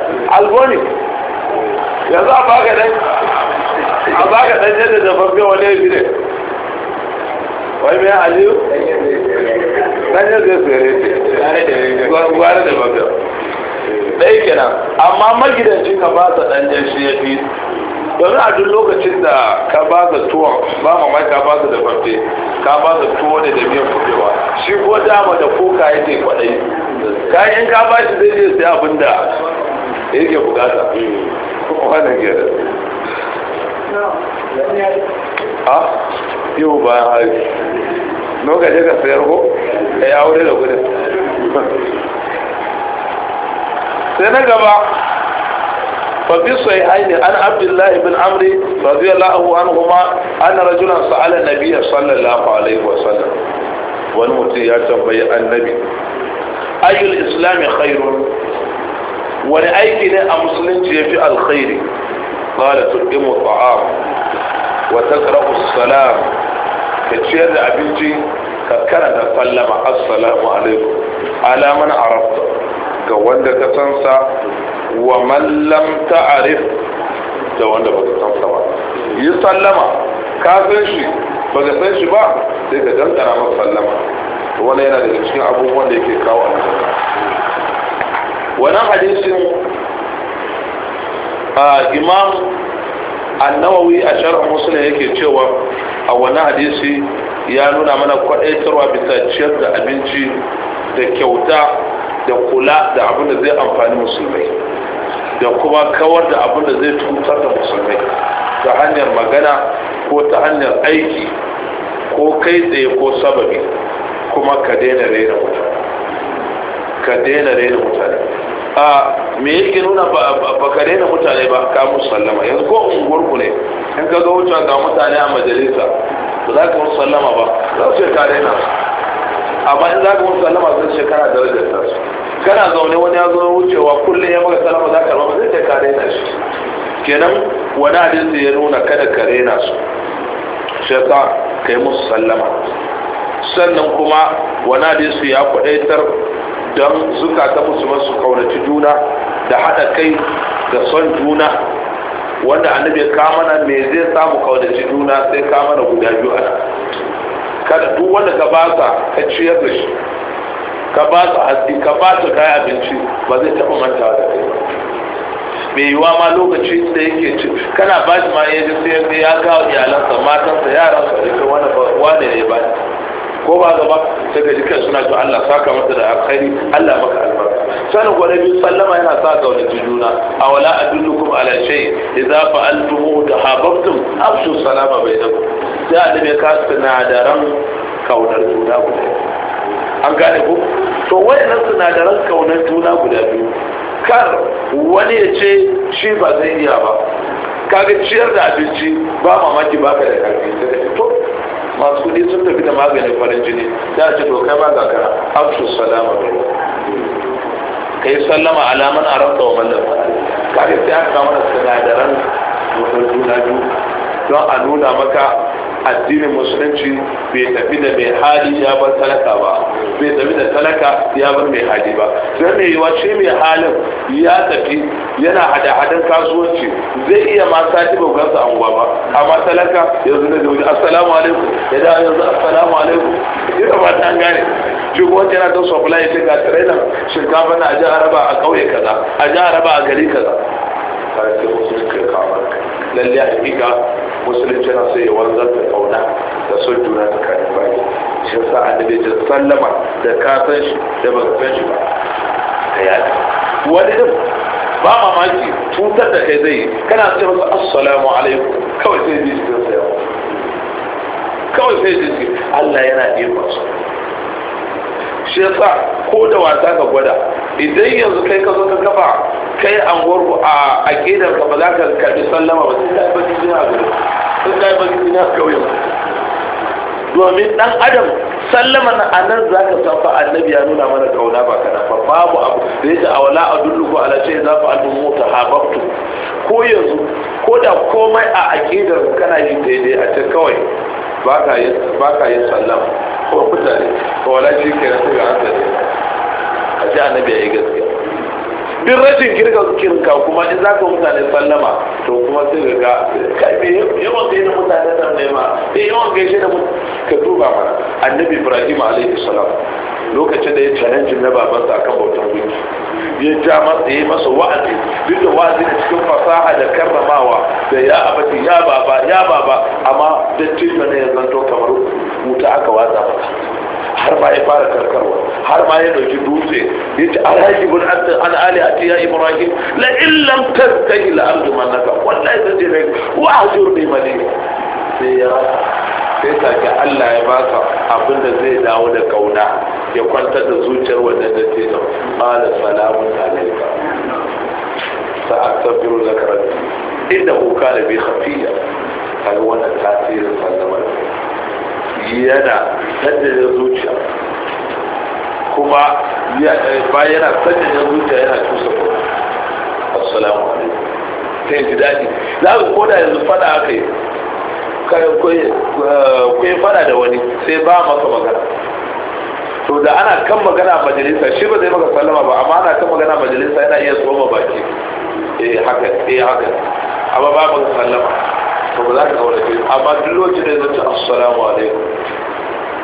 alboni yanzu a baka dan a baka yadda da fafiya wani ya fi ne wai mai aliyu ɗanyar zai tsere gwara da baka ɗaya kenan amma magidanci ka ba sa ɗanjen shi ya fi domin a duk lokacin da ka ba sa tuwon ba mamai ka ba da fafe ka ba sa tuwo ne da miyan kubewa shi ko dama da ko kuka yake kwadai kayan ka ba shi zai je sai abin da yake bukata wannan gera ha yiwu bayan hari lokacin ka sayar ko ya yi aure da sai na gaba babbi sai aini an abdullahi ibn amri radiyallahu anhu ma an rajula sa'ala nabiyya sallallahu alaihi wa sallam wani mutum ya tambayi annabi ayyul islami khairun wani aiki ne a musulunci ya fi alkhairi قال تطعم wa taqra'u salam ka ciyar da abinci ka karanta sallama assalamu alaikum ala man arafta ga wanda ka san sa wa man lam ta'rif da wanda baka san sa ba yi sallama ka san shi baka san shi ba sai ka dantara masa sallama wannan yana daga cikin abubuwan da yake kawo albarka wannan hadisin imam annawawi a sharh muslim yake cewa a wani hadisi ya nuna mana kwadaitarwa bisa ciyar da abinci da kyauta da kula da abin da zai amfani musulmai da kuma kawar da abin da zai cutar da musulmai ta hanyar magana ko ta hanyar aiki ko kai tsaye ko sababi kuma ka daina raina mutane ka daina raina mutane a me yake nuna ba ka daina mutane ba ka musu sallama yanzu ko unguwarku ne in ka ga wuce ga mutane a majalisa ba za ka musu sallama ba za su ka daina amma in za ka musu sallama sun ce kana darajar ta su kana zaune wani ya zo wucewa kullum ya maka sallama za ka ba zai ce ka daina shi kenan wani hadisi ya nuna kada ka daina su shi ka musu sallama sannan kuma wani hadisi ya kwadaitar don ta musulman su kaunaci juna da haɗa kai da son juna wanda annabi mana me zai samu kaunaci juna sai mana guda biyu a kada duk wanda ka ba sa ka ciyar da shi ka ba sa hatsi ka ba sa kayan abinci ba zai taɓa manta da kai Me yiwa ma lokaci da yake ci kana ba shi ma ya sai ya kawo iyalansa matansa yaransa da kai wani ne ba ko ba gaba sai ka dukkan suna cewa Allah saka masa da alkhairi Allah maka albarka sanin gwada biyu sallama yana sa ga wani juna a wala adullukum ala shay idza fa'altumuhu tahabbtum afshu salama bainakum sai annabi ka sinadaran kaunar juna guda an gane ko to wayannan sinadaran kaunar juna guda biyu kar wani ya ce shi ba zai iya ba kaga ciyar da abinci ba mamaki baka da karfi masu kudi sun tafi da maganin farin jini da a ce to kai ba ga ka afshu salama bai ka yi sallama alaman arabta wa mallam kare sai aka kama da sinadaran motar juna biyu don a nuna maka addinin musulunci bai tafi da mai hali ya bar talaka ba bai tafi da talaka ya bar mai hali ba don mai yiwa shi mai halin ya tafi yana hada hadin kasuwanci zai iya ma sati bugansa an anguwa ba amma talaka yanzu da zai assalamu alaikum ya da yanzu assalamu alaikum ina ba ta gane shi kuma yana da supply ya ga tare shinkafa na a ji araba a kauye kaza a ji araba a gari kaza kare musulunci ya kawo lalle a miƙa musulunci na sai ya wanzar da kauna da son juna tsakanin bayi shi a annabi ya sallama da kasan shi da baka san shi ba ka yaɗa wani din ba mamaki cutar da kai zai kana ce masa assalamu alaikum kawai sai ji jikin sa yawa kawai sai ji jikin Allah yana iya masu shi sa ko da wata ka gwada idan yanzu kai ka zo ka kafa kai anguwar ku a aƙidar ka ba za ka karɓi sallama ba sun kai baki jina gari sun kai baki jina kawai ba domin ɗan adam sallama na anan za ka san fa annabi ya nuna mana kauna ba kana fa babu abu da yake a wala adullu ko ala shay za fa annu mota habaktu ko yanzu ko da komai a aƙidar kana yi daidai a ta kawai ba ka yin sallama ko fitare ko wala shi ke na ga hankali a ji annabi ya yi gaskiya duk rashin kirka kirka kuma in za ka mutane sallama to kuma sai ga ga kai yawan kai na mutane da ne ma sai yawan shi da ka duba mana annabi ibrahim alaihi salam lokacin da ya challenge na babansa akan bautan gunki ya ja masa yi masa wa'azi duk da wa'azi da cikin fasaha da karramawa da ya abati ya baba ya baba amma dattijo ne ya zanto kamar wuta aka watsa masa har ma ya fara karkarwa har ma ya dauki dutse ya ce alhaji bin abdin an ali a tiya ibrahim la illam tastahi la ardu naka wallahi zai ne wa ne mali sai ya sai ta ga Allah ya baka abin da zai dawo da kauna ya kwantar da zuciyar wannan da ce da qala salamun alayka sa'astaghfiru laka rabbi innahu kana bi khafiya kalwana wannan tasirin sallamar yana sanyaya zuciya kuma bayan yana sanyaya zuciya yana cusa kuma assalamu alaikum sai ji daji. za ku koda yanzu fada aka yi kai eh, fada da wani sai ba maka magana to da ana kan magana majalisa shi ba zai maka sallama ba amma ana kan magana majalisa yana iya tsoma baki eh haka eh haka amma babu sallama to ba za ka kaura ce amma duk lokacin da zai ce assalamu alaikum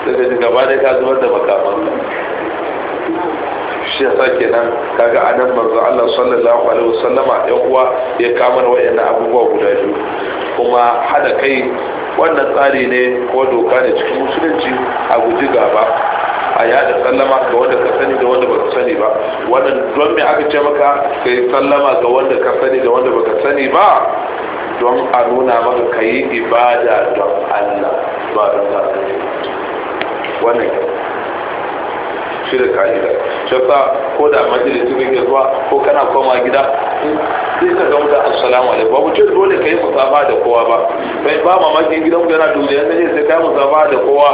daga ji gaba da ka zubar da makaman shi yasa kenan kaga nan manzo Allah sallallahu alaihi wasallama ya uwa ya kamar wayannan abubuwa guda biyu kuma hada kai wannan tsari ne ko doka ne cikin musulunci a guji gaba a yada sallama ga wanda ka sani da wanda baka sani ba wannan don me aka ce maka ka yi sallama ga wanda ka sani da wanda baka sani ba don a nuna maka ka yi ibada don Allah ba don ka sani wannan shi da shafa ko da su ne zuwa ko kana koma gida sai ka ga mutum assalamu alaikum ba ce dole ka yi musafa da kowa ba bai ba mamakin gidan mu yana dole na ce sai ka yi musafa da kowa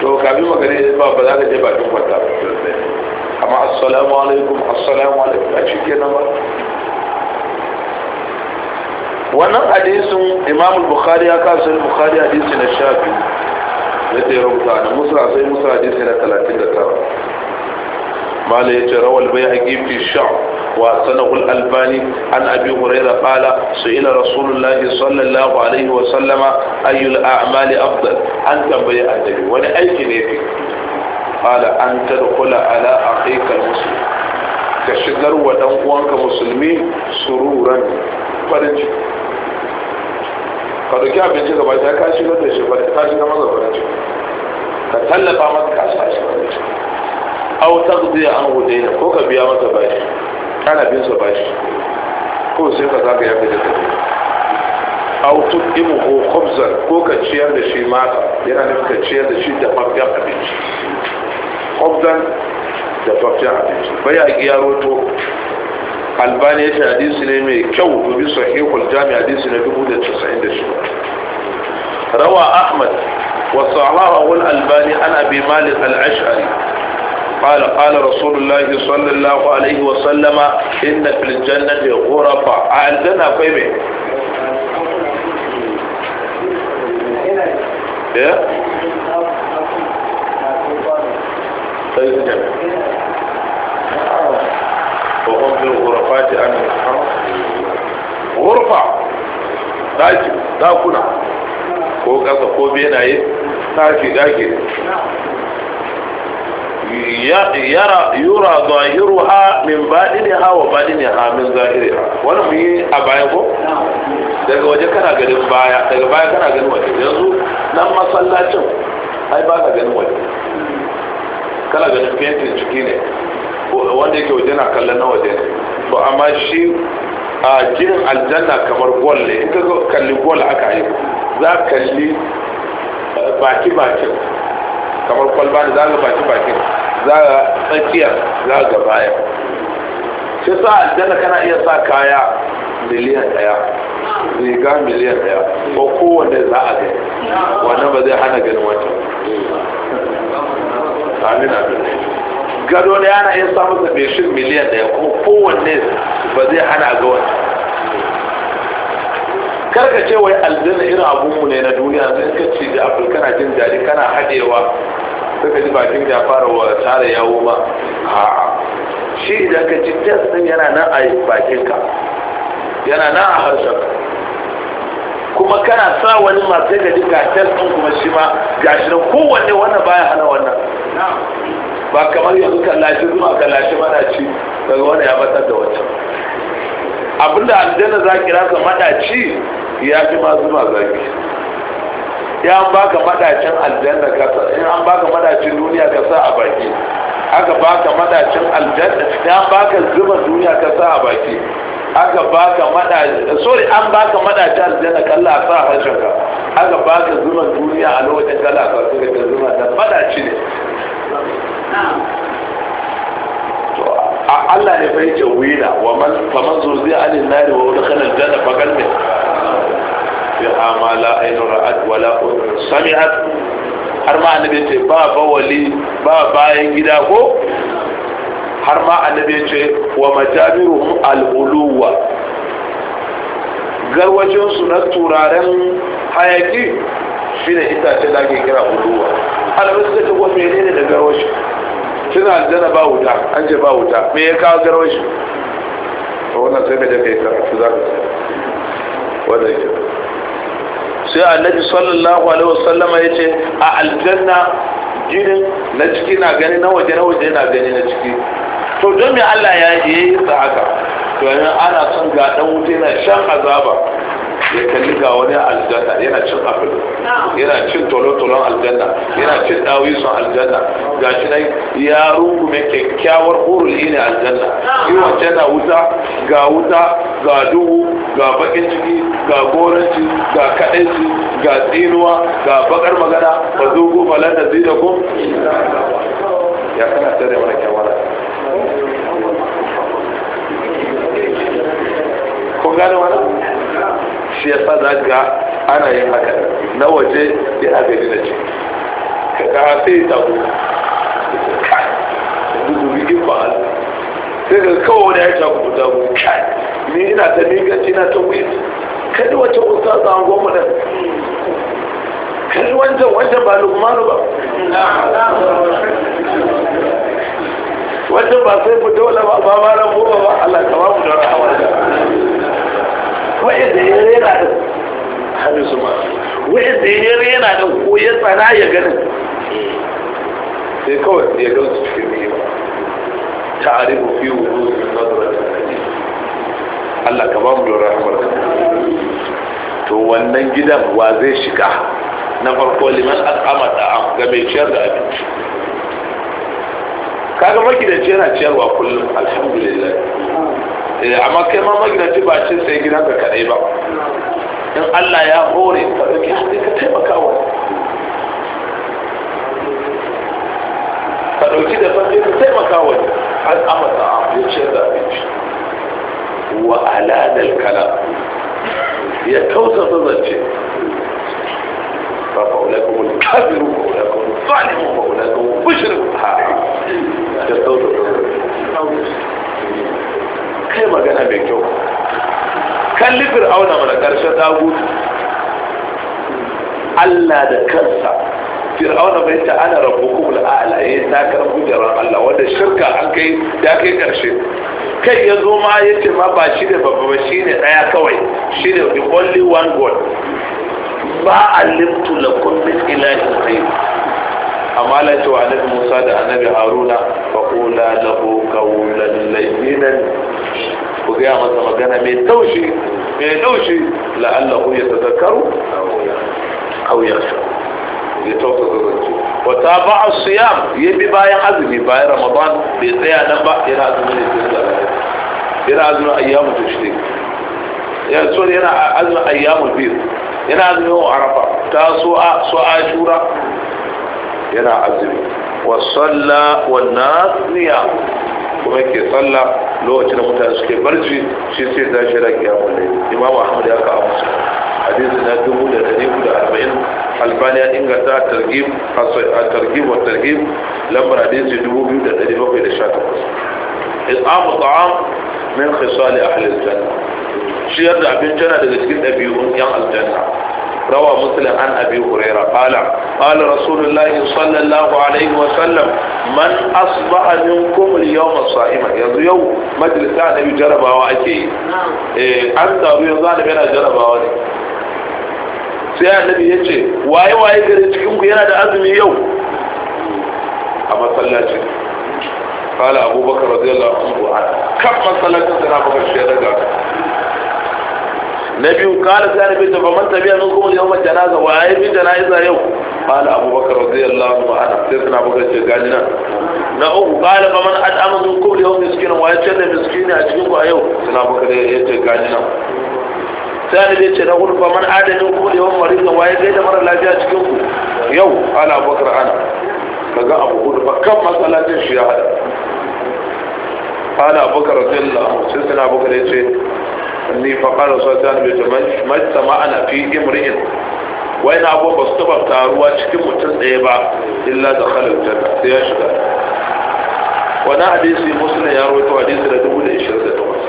to kafin magana ya ba ba za ka je bakin kwata amma assalamu alaikum assalamu alaikum a cikin nan ba wannan hadisin imam bukhari ya kasu bukhari hadisi na shafi ya ce rubuta da musa sai musa hadisi na 39 ما ليت روى البيهقي في الشعب وسنه الألباني عن أبي هريرة قال سئل رسول الله صلى الله عليه وسلم أي الأعمال أفضل أنت بيع النبي وأنا أي كنيتي قال أن تدخل على أخيك المسلم كشجر ودنقوانك مسلمين سرورا فرنجي ka dauki abinci gaba ta ka shigar da shi ka shiga maza farin ciki ka tallafa masa ka sa shi farin ciki au taqdiya an hudaina ko ka biya masa bashi kana bin sa bashi ko sai ka zaka ya fita kai au tuqimu ko khubzan ko ka ciyar da shi mata yana nufin ka ciyar da shi da fafiyan abinci khubzan da fafiyan abinci bai a giyaro to albani ya ce hadisi ne mai kyau dubi sahihul jami hadisi na 1096 rawa ahmad وصعره الألباني عن أبي مالك الأشعري قال قال رسول الله صلى الله عليه وسلم إن في الجنة غرفة الجنة قيمة إيه طيب جميل وهم في الغرفات عن غرفة داكي داكنا ko ƙasa ko benaye ɗaki ɗaki yara yura zahiruha min baɗiniha wa baɗiniha min zahiriha wani mu yi a baya ko daga waje kana ganin baya daga baya kana ganin waje yanzu nan masallacin ai ba ka ganin waje kana ganin fentin ciki ne wanda yake waje na kallon na waje ne to amma shi a jirin aljanna kamar gol ne in ka kalli gol aka yi za kalli eh, baki-bakin kamar kwalba ne za ka baki-bakin za a tsakiya za ga baya shi sa aljanna kana iya sa kaya miliyan daya riga miliyan daya ko kowane za a gani wannan ba zai hana ganin wata amin amin gado da yana iya samun sa beshin miliyan daya ko kowanne ba zai hana a ga wata kar ka ce wai aljanna irin abunmu ne na duniya sai ka ci da abin kana jin daɗi kana haɗewa suka ji bakin ya fara wa tare yawo ma a shi idan ka ci test din yana nan a bakinka yana nan a harshen kuma kana sa wani masu da ga test din kuma shi ma gashi nan kowanne wannan baya hana wannan ba kamar yanzu kan lashe zuwa kan lashe mana ci daga wani ya batar da wancan abinda aljanna za ki rasa madaci ya fi ma zuma zaki ya an baka madacin aljanna ka sa in an baka madacin duniya ka sa a baki aka baka madacin aljanna ya an baka zuma duniya ka sa a baki aka baka madacin sorry an baka madacin aljanna Allah sa a harshen ka aka baka zuma duniya a lokacin kalla ka suka ta zuma da madaci ne Allah ne bai wina, wa man faman zurzi alin nari wa wani kanan janna fagal mai fi amala ainihin ra'ad wala sami'at har ma annabi ce ba bawali ba bayan gida ko har ma annabi ce wa majabiruhum al-uluwa garwajin su na turaren hayaki shine ce da ke kira uluwa alamun suka ce wa ne da garwajin Suna aljanna ba wuta an ce ba wuta me ya kawo garwar shi wannan sai ka je kai karatu za ka ce wanda ya sai annabi sallallahu alaihi wasallama ya ce a aljanna ginin na ciki na gani na waje na waje na gani na ciki to don me Allah ya yi sa haka to yana ana son ga dan wuta yana shan azaba ya kalli ga wani aljanna yana cin abin yana cin tolotolon aljanna yana cin dawisun aljanna ga shi nan ya mai kyakkyawar huruli ne aljanna yi wace na wuta ga wuta ga duhu ga bakin ciki ga goranci ga kaɗaici ga tsinuwa ga bakar magana ba zugu falar da zai da kun ya kana tare mana kyawara Ko gane wani shi ya sa ga ana yin haka na waje ya agari da ce ka ga sai ta ku dubu biyu ba sai ga kawai wani ya ta ku da mu ni ina ta miƙa ina ta wuyi kalli wata kusa za a goma da kalli wanda wanda ba lukmanu ba wancan ba sai fito wala ba ba ba ba ba Allah ka ba mu da rahama wa'in da ya rena din hannun su da ya rena din ko ya tsana ya ganin sai kawai ya gan su cikin ne ta arifu fi wudu min da hadis Allah ka ba mu da rahmarka to wannan gidan wa zai shiga na farko liman al'ama a ga mai ciyar da abinci Ka ga maki da ciyar na ciyarwa kullum alhamdulillah amma kai ma magidanci ba cin sai gidanka kadai ba in allah ya hore ka ɗauki haɗe ka taimaka wa ka ɗauki da fafe ka taimaka wa an amata a ya ce da abinci wa aladal kala ya kausa zance فأولئك هم الكافرون وأولئك هم الظالمون وأولئك هم المشركون هذا تستوعب kai magana mai kyau kalli fir'auna mana karshen dagu Allah da kansa fir'auna mai eh, ta ana rabu kuma al'ala ya takar kujerar Allah wanda shirka an kai ya kai karshe kai ya zo ma ya ce ma ba shi ne babba shi ne ɗaya kawai shi ne the only one god ba alimtu lakum min ilahin ghayr حمالته على موسى على النبي هارون فقولا له قولا لينا وجاء مثلا كان من توشي من توشي لعله يتذكر او يخشى وتابع الصيام يبي باي حزم باي رمضان بيصيع نبع إلى عزم إلى عزم أيام تشريك يا سؤال هنا عزم أيام البيض هنا عزم هو عرفة تاسوء سؤال شورة yana azumi wa salla wa nasiya kuma ke salla lokacin da mutane suke barci shi sai da shi rake ya kulle imamu ahmad ya kawo musu hadisi na dubu da dari da arba'in albani ya inganta targib a targib wa targib lambar hadisi dubu biyu da dari bakwai da sha takwas is'amu ta'am min khisali ahli aljanna ciyar da abinci yana daga cikin ɗabi'un yan aljanna روى مسلم عن أبي هريرة قال قال رسول الله صلى الله عليه وسلم من أصبح منكم اليوم الصائمة يضيو يوم مجلس أنا يجرب وأكي أنت أبو يضان بنا جرب وأكي sai annabi ya ce waye waye gare cikin ku yana da azumi yau a masallaci قال أبو بكر رضي الله عنه كم مسألة سنة بكر شيئا na biyu kala sai annabi ta faman tabiya min kuma yawma janaza wa ayi bi jana'iza yau kala abubakar radiyallahu anhu sai suna buga ce gani na na uku kala faman at'ama min kuma yau miskinan wa ya ce da miskini a cikin ku a yau suna buga ya ce gani na sani zai ce na hudu ba man kuma ku da yawan marisa wa zai da mara lafiya cikin ku yau kala abubakar ana kaga abu hudu ba kan masallacin shi ya hada ana bakar rasulullah sun suna bakar ya ce ni fa qala sallallahu mai sama ana fi imrin wai na abubuwan ba su taɓa taruwa cikin mutum ɗaya ba illa da halittar sai ya shiga wani hadisi musulun ya rawaito hadisi da dubu da ishirin da takwas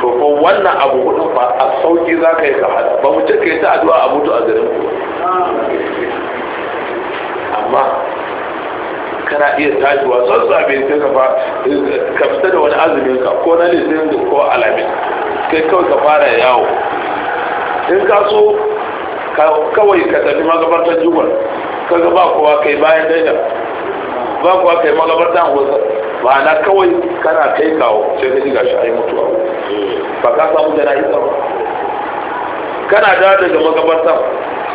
to ko wannan abu hudu ba a sauki za ka yi ka hada ba mu cika ta addu'a a mutu a garin ku amma kana iya tajuwa son sabe sai ka fa ka fita da wani azumin ka ko na litin ko alamin kai kawai ka fara yawo in ka so kawai ka tafi magabartar jugon ga ba kowa kai bayan daidar ba kowa kai magabartan wasa ba na kawai kana kai kawo sai ka diga shi a yi mutuwa ba ka samu da na'i ba kana da daga magabartan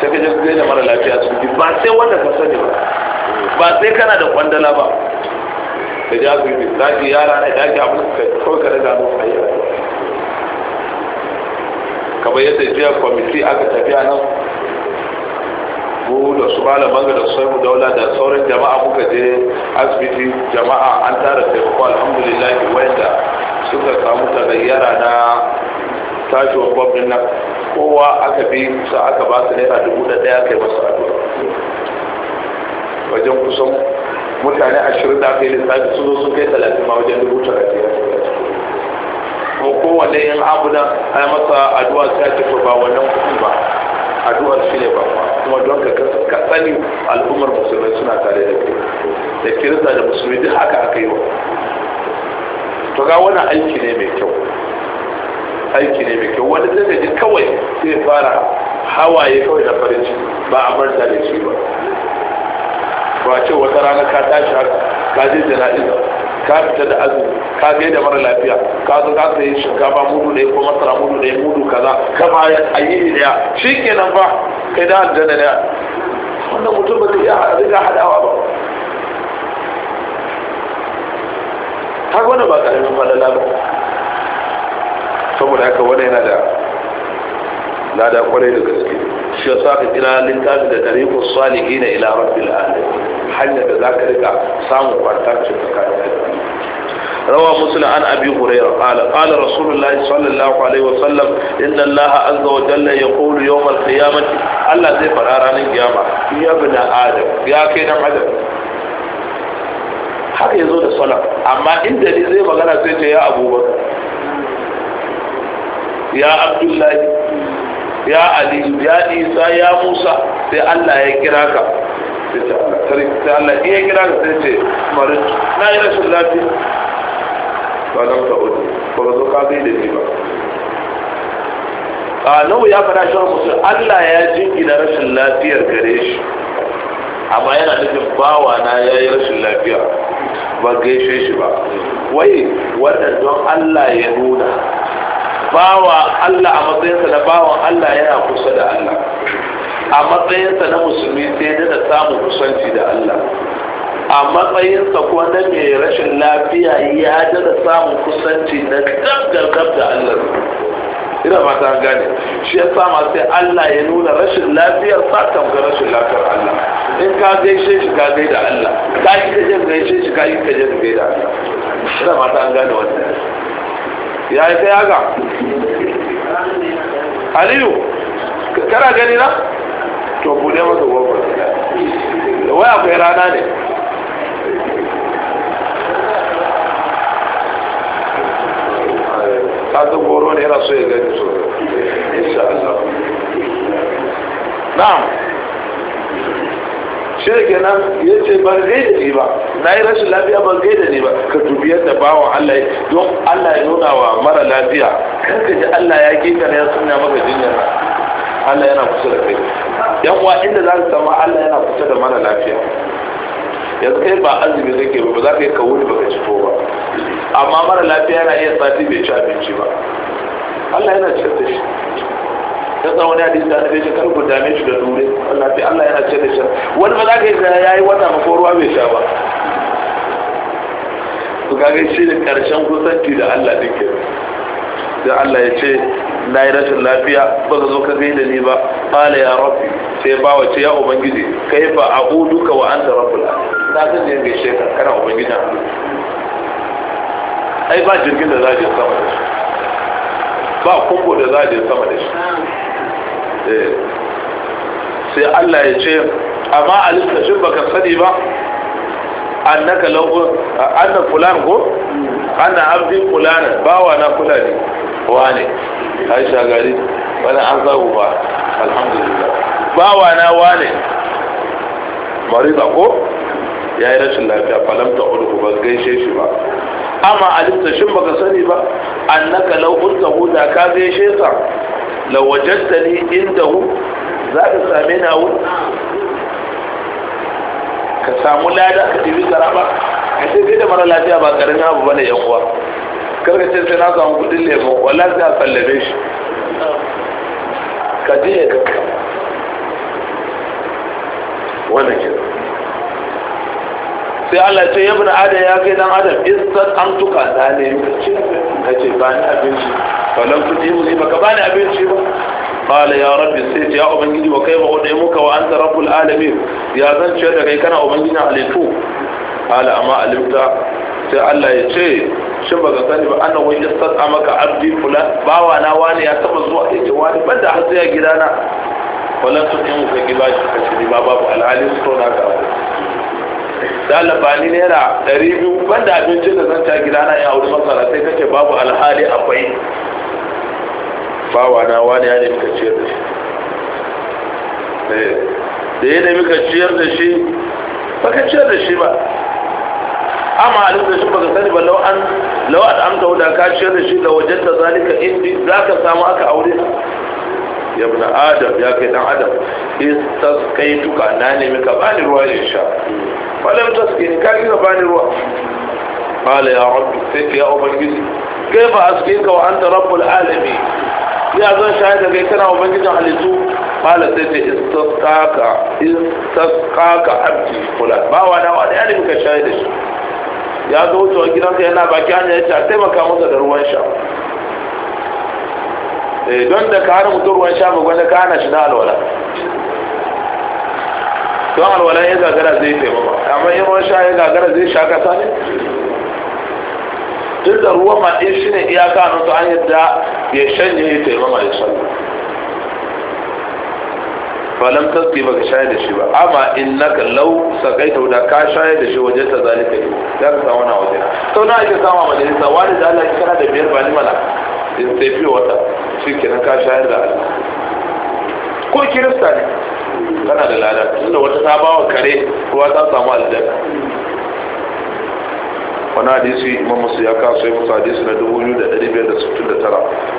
sai ka jirgin da mara lafiya su ji ba sai wanda ka sani ba ba sai kana da kwandala ba da ji asibiti za ki yara ne da ki abin kawai ka daga a ayyana kamar yadda jiya kwamiti aka tafi a nan mu da su malaman da su mu daula da sauran jama'a muka je asibiti jama'a an tara taimako alhamdulillah wanda suka samu gayyara na tashiwar gwamnin nan kowa aka bi sa aka ba su naira dubu da ɗaya kai masu addu'a wajen kusan mutane ashirin da aka yi lissafi sun zo sun kai talatin ma wajen dubu talatin to kowane in abu nan ai masa addu'a ta ce ba wannan kuɗi ba addu'ar shi ne ba kuma don ka sani al'ummar musulmai suna tare da kai da kirista da musulmi duk haka aka yi wa to ga wani aiki ne mai kyau aiki ne mai kyau wani zai ji kawai sai fara hawaye kawai na farin ciki ba a manta da shi ba ba ce wata rana ka tashi haka ka je jana'iza ka fita da azumi ka da mara lafiya ka zo ka sai shinkafa mudu ɗaya ko masara mudu ɗaya mudu kaza ka ayi ne ya ɗaya shi kenan ba kai da aljanna ne wannan mutum ba zai iya riga hadawa ba ta wani ba ƙaramin falala ba saboda haka wani yana da lada kwarai da gaske shi wasu aka kira littafi da tariku salihi na ila rabbil alamin hanyar da zaka rika samun kwantar cikin روى مسلم عن أبي هريرة قال قال رسول الله صلى الله عليه وسلم إن الله عز وجل يقول يوم القيامة الله زي فراران القيامة يا ابن آدم يا كينا آدم har ya zo da salam amma inda ne zai magana sai ce ya abubakar ya abdullahi ya ali ya isa ya musa sai allah ya kira ka sai allah ya kira ka sai ce marin na yi rashin lafiya ba na ka wuce ba ka zo kafin da ni ba a nawa ya fara shi musu allah ya jingina rashin lafiyar gare shi amma yana nufin bawa na ya yi rashin lafiya ba gaishe shi ba wai wannan don allah ya nuna bawa Allah a matsayinsa na bawan Allah yana kusa da Allah a matsayinsa na musulmi sai da samun kusanci da Allah a matsayinsa ko na mai rashin lafiya ya da samun kusanci na gab da Allah ina ba ta gane shi ya sa masu Allah ya nuna rashin lafiyar sa ga rashin lafiyar Allah in ka gaishe shi ka gaida Allah ka yi ta jin gaishe shi ka yi ta jin gaida Allah ina ba ta gane wannan ya yi kai haka aliyu kana gani na to bude masa gwamnati waya kai rana ne kasu goro ne yana so ya gani so na Allah na'am shi da kenan ya ce ban gaida da ni ba na yi rashin lafiya ban gaida da ni ba ka dubi yadda bawan Allah don Allah ya nuna wa mara lafiya kan ka ji Allah ya ke ka ya sunya maka jinyar Allah yana kusa da kai yan uwa inda za ka samu Allah yana kusa da mara lafiya yanzu kai ba azumi zake ba ba za ka yi kawo ba ka ci ba amma mara lafiya yana iya sati bai ci abinci ba Allah yana cikin shi ya sa wani hadisi da annabi kar ku dame shi da dure Allah sai Allah yana ce da shi wani ba za ka yi da yayi wata ba ko ruwa bai sha ba to kaga shi da karshen kusanci da Allah din ke da Allah ya ce na yi rashin lafiya ba ka zo ka gai da ni ba qala ya rabbi sai ba wace ya ubangiji kai kaifa a'uduka wa anta rabbul alamin na san da gaishe ka kana ubangiji ai ba jirgin da za ka sama da shi ba kungo da za a je sama da shi eh, sai Allah ya ce amma alista shi baka sani ba annaka lahu anna fulan ko anna abdi fulan bawa na fulani wane Aisha gari wani an zagu ba alhamdulillah bawa na wane mariza ko ya yi rashin lafiya falamta ta ba gaishe shi ba amma alista shi baka sani ba annaka law urtahu huda ka gaishe sa law wajadtani indahu za ka same na wuri ka samu lada ka tibi karaba a ce kai da mara lafiya ba karamin abu bane yan uwa karka ce sai na samu kudin lemo wallahi sai a sallame shi ka je ya kanka wannan kenan sai Allah ce ya bin adam ya kai dan adam istat an tuka na ne ka ce ba ni abinci falan ku ji mu ba ka ba ni abinci ba qala ya rabbi sai ce ya ubangiji wa kai ba odai muka wa anta rabbul alamin ya zan ce da kai kana ubangiji halittu qala amma alimta sai Allah ya ce shin baka sani ba annahu istat amaka abdi fulan bawa na wani ya taba zuwa ya ce wani banda har sai ya gidana kwallon tu in ka gibashi ka ce ba babu alhalin sona ka da bani ba naira ɗari biyu ban da abincin da zan ta gida na ya auri masara sai kake babu alhali akwai bawa na wani ya nemi ka ciyar da shi eh, da ya nemi ka ciyar da shi ba ka ciyar da shi ba amma alif da shi ba ka sani ba lau an amta ka ciyar da shi da wajen da zalika indi za ka samu aka aure ya ibn adam ya kai dan adam istasqaituka na nemi ka bani ruwa ya sha falam tasqini ka kai ka bani ruwa qala ya rabbi sai ya ubangiji kaifa ka wa anta rabbul alami ya zan shahada kai kana ubangijin halittu qala sai ta istasqaka istasqaka abdi kula ba wa da wa da ka shahada shi ya zo wucewa gidanka yana baki hanya ya ce a taimaka masa da ruwan sha Eh, don da ka hana mutum ruwan sha magon da ka hana shi na alwala don alwala ya gagara zai taimama amma yin ruwan sha ya gagara zai sha kasa ne duk da ruwan ma ɗin shi ne iyaka a nutu an yadda ya shanye ya taimama da sallah falam taski ba ka shayar da shi ba amma in na kallau sakai ta wuda ka shayar da shi waje ta zalika yi za ka samu na waje sau na ake samu a majalisa wani da ala ya da biyar ba ni mana in sai fiye wata shi kenan ka shayar da Allah ko kirista ne kana da lada tunda wata ta bawa kare ruwa ta samu aljanna wani hadisi imam musu ya kaso ya musu hadisi na 2569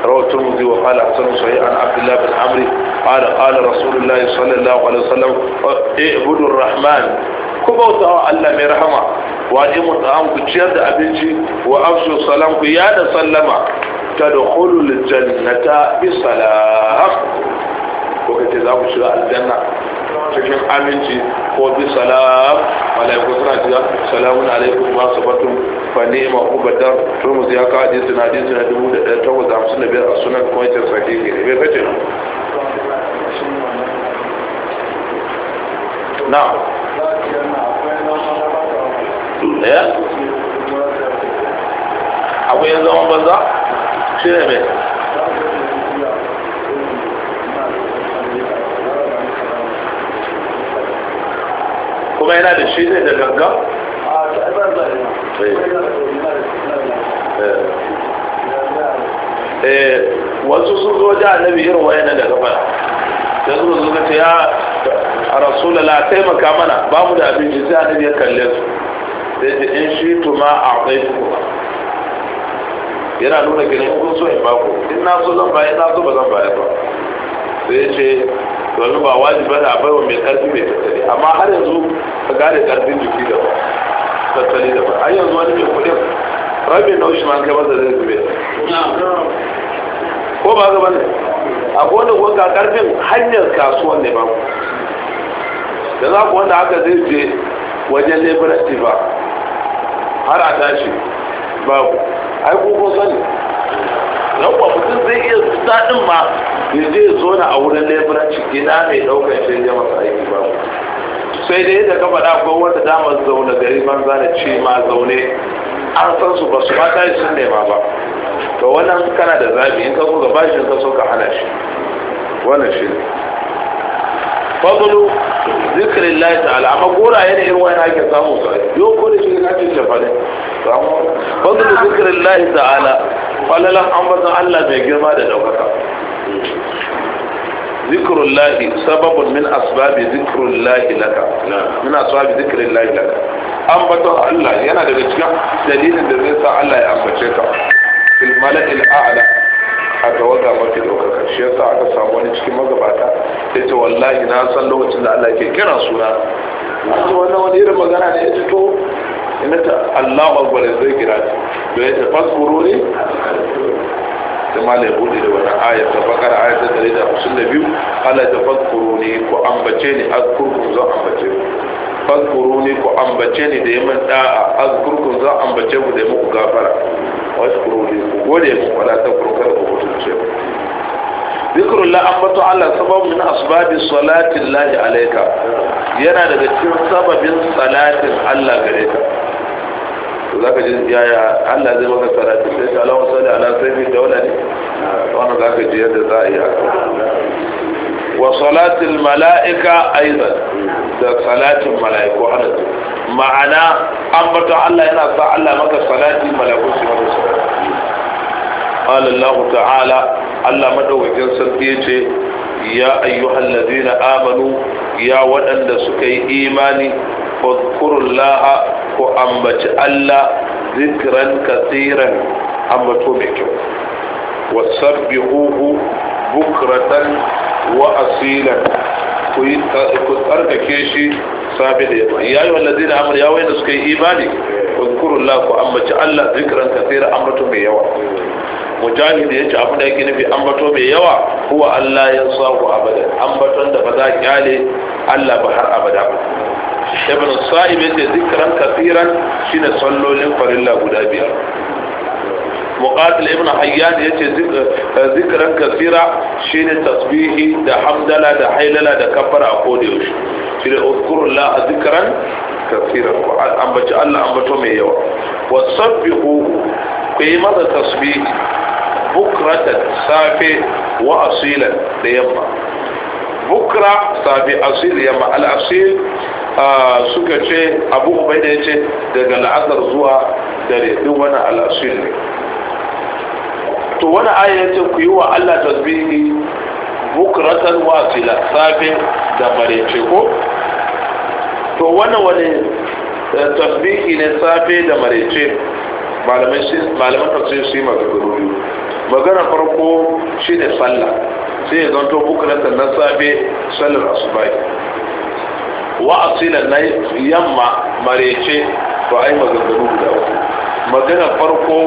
rawar turmuzi wa kala hasan sahih an abdullah bin amri qala qala rasulullah sallallahu alaihi wasallam ibudur rahman ku bautawa Allah mai rahama wa imu ta'am ku ciyar da abinci wa afshu salam ku yada sallama ta da tadkhulul jannata bi salam ko kace za ku shiga aljanna cikin aminci ko bi salam malaiku suna salamu alaikum wa sabatun fa ni'ma ubadar turmus ya ka hadisi na hadisi na biyar a sunan kuma ce sahihi ne bai kace na'am ya eh? akwai yin zaman banza shi ne mai kuma yana da shi ne da ganga? Eh. Eh, wasu sun zo ji annabi irin wayan daga gaba da su zo ce ya rasulullah taimaka mana ba mu da abinci sai annabi ya kalle su sai in shi tuma a tsaye kuma yana nuna gani kun so in baku in na so zan bayan na so ba zan bayan ba sai ce domin ba waji ba a baiwa mai ƙarfi mai tattali amma har yanzu ka gane ƙarfin jiki da ba tattali da ba har yanzu wani mai kudin rabin na ma kai masa zai zube ko ba ga bane a wanda ko ka karfin hanyar kasuwan ne ba da za ku wanda haka zai je wajen leburanci ba har a tashi babu ai ko sani ba mutum zai iya daɗin ma ya je zo na a wurin leburanci gida mai ɗaukar shi ya masa aiki babu sai dai da ka faɗa ko wanda dama zaune gari banza da ce ma zaune an san su ba su ta tashi sun nema ba to wannan kana da zabi in ka so ka bashin ka so ka hana shi wannan shi ne fadlu zikrillahi ta'ala amma goraye da irin wani ake samu su yau ko da shi ne ka ce shafale fadlu zikrillahi ta'ala falalan ambaton Allah mai girma da daukaka zikrullahi sababun min asbabi zikrullahi laka min asbabi zikrillahi laka ambaton Allah yana daga cikin dalilin da zai sa Allah ya ambace ka fil mala'il a'la aka tawaga mafi ɗaukar shi yasa aka samu wani cikin magabata ya ce wallahi na san lokacin da Allah ke kira suna yanzu wannan wani irin magana ne ya fito ina ta Allah magwale zai kira ta ya ta fasburo ne da mala ya buɗe da wani ayat ta bakar ayat ta ɗari da hamsin da biyu Allah ta fasburo ne ko ambace ne azkurkum zan ambace ku fasburo ne ko ambace ne da man da'a azkurkum zan ambace ku da ya muku gafara wasu kururi ku gode mu wala ta kurkar ku mutunce mu zikrun la ambatu Allah sabab min yana daga cikin sababin salatin Allah gare ka to zaka ji yaya Allah zai maka salati sai ka Allahu salli ala sayyidi dawla ne wannan zaka ji yadda za a yi haka wa salatul mala'ika aidan da salatin mala'iku ana ma'ana ambaton Allah yana sa Allah maka salati mala'iku su maka salati qala Allah ta'ala Allah madaukakin sarki yace ya ayyuhal ladina amanu ya waɗanda suka yi imani fadhkurullaha ko ambaci Allah zikran katiran ambato mai kyau bukratan wa asilan ku yi tsarkake shi sabi da yamma ya yi wallazi na amur ya wai da suka yi imani wadkurun la ku ambaci allah zikiran kasira ambato mai yawa mujahid ya ce abin da yake nufi ambato mai yawa huwa allah ya sa ku abada ambaton da ba za kyale allah ba har abada ba ibn sa'ib ya ce zikiran kasiran shine sallolin farilla guda biyar muqatil ibn hayyan yace zikran kasira shine tasbihi da hamdala da hailala da kabbara ko da yaushe shine uzkurullah zikran kasira ambaci Allah an ambato mai yawa wasabbihu ku yi masa tasbihi bukratan safe wa asilan da yamma bukra safi asil yamma al-asil suka ce abu ubaida ya ce daga la'azar zuwa dare duk wani al ne to wani aya ce ku yi wa Allah tasbihi bukratan wasila safe da marece ko to wani wani eh, tasbihi ne safe da marece malamin tafsir shi maganganu biyu magana farko shi ne sallah sai ya zanto bukratan na safe sallar asubai wa asila na yamma marece to yi maganganu guda wasu magana farko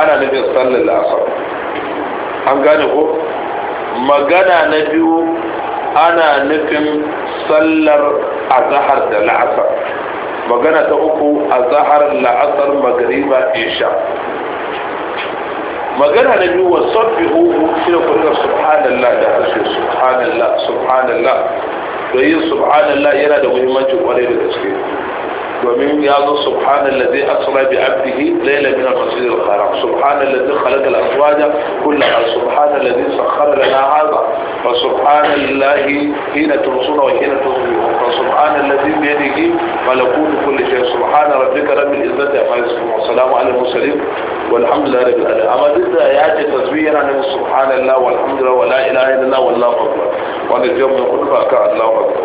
ana nufin sallar la'asar an gane ko magana na biyu ana nufin sallar azahar da la'asar magana ta uku azahar la'asar magariba isha magana na biyu wa sabbihu shi da kuma subhanallah da harshe subhanallah subhanallah to yin subhanallah yana da muhimmanci kwarai da gaske ومن يقول سبحان الذي أسرى بعبده ليلة من المسجد الخرم سبحان الذي خلق الأسواج كلها سبحان الذي سخر لنا هذا وسبحان الله حين ترسون وحين ترسون وسبحان الذي بيده ملكون كل شيء سبحان ربك رب العزة والسلام على المسلم والحمد لله رب العالمين أما ضد آيات تزويرا من سبحان الله والحمد لله ولا إله إلا الله والله أكبر وأن الجمع كلها كان الله أكبر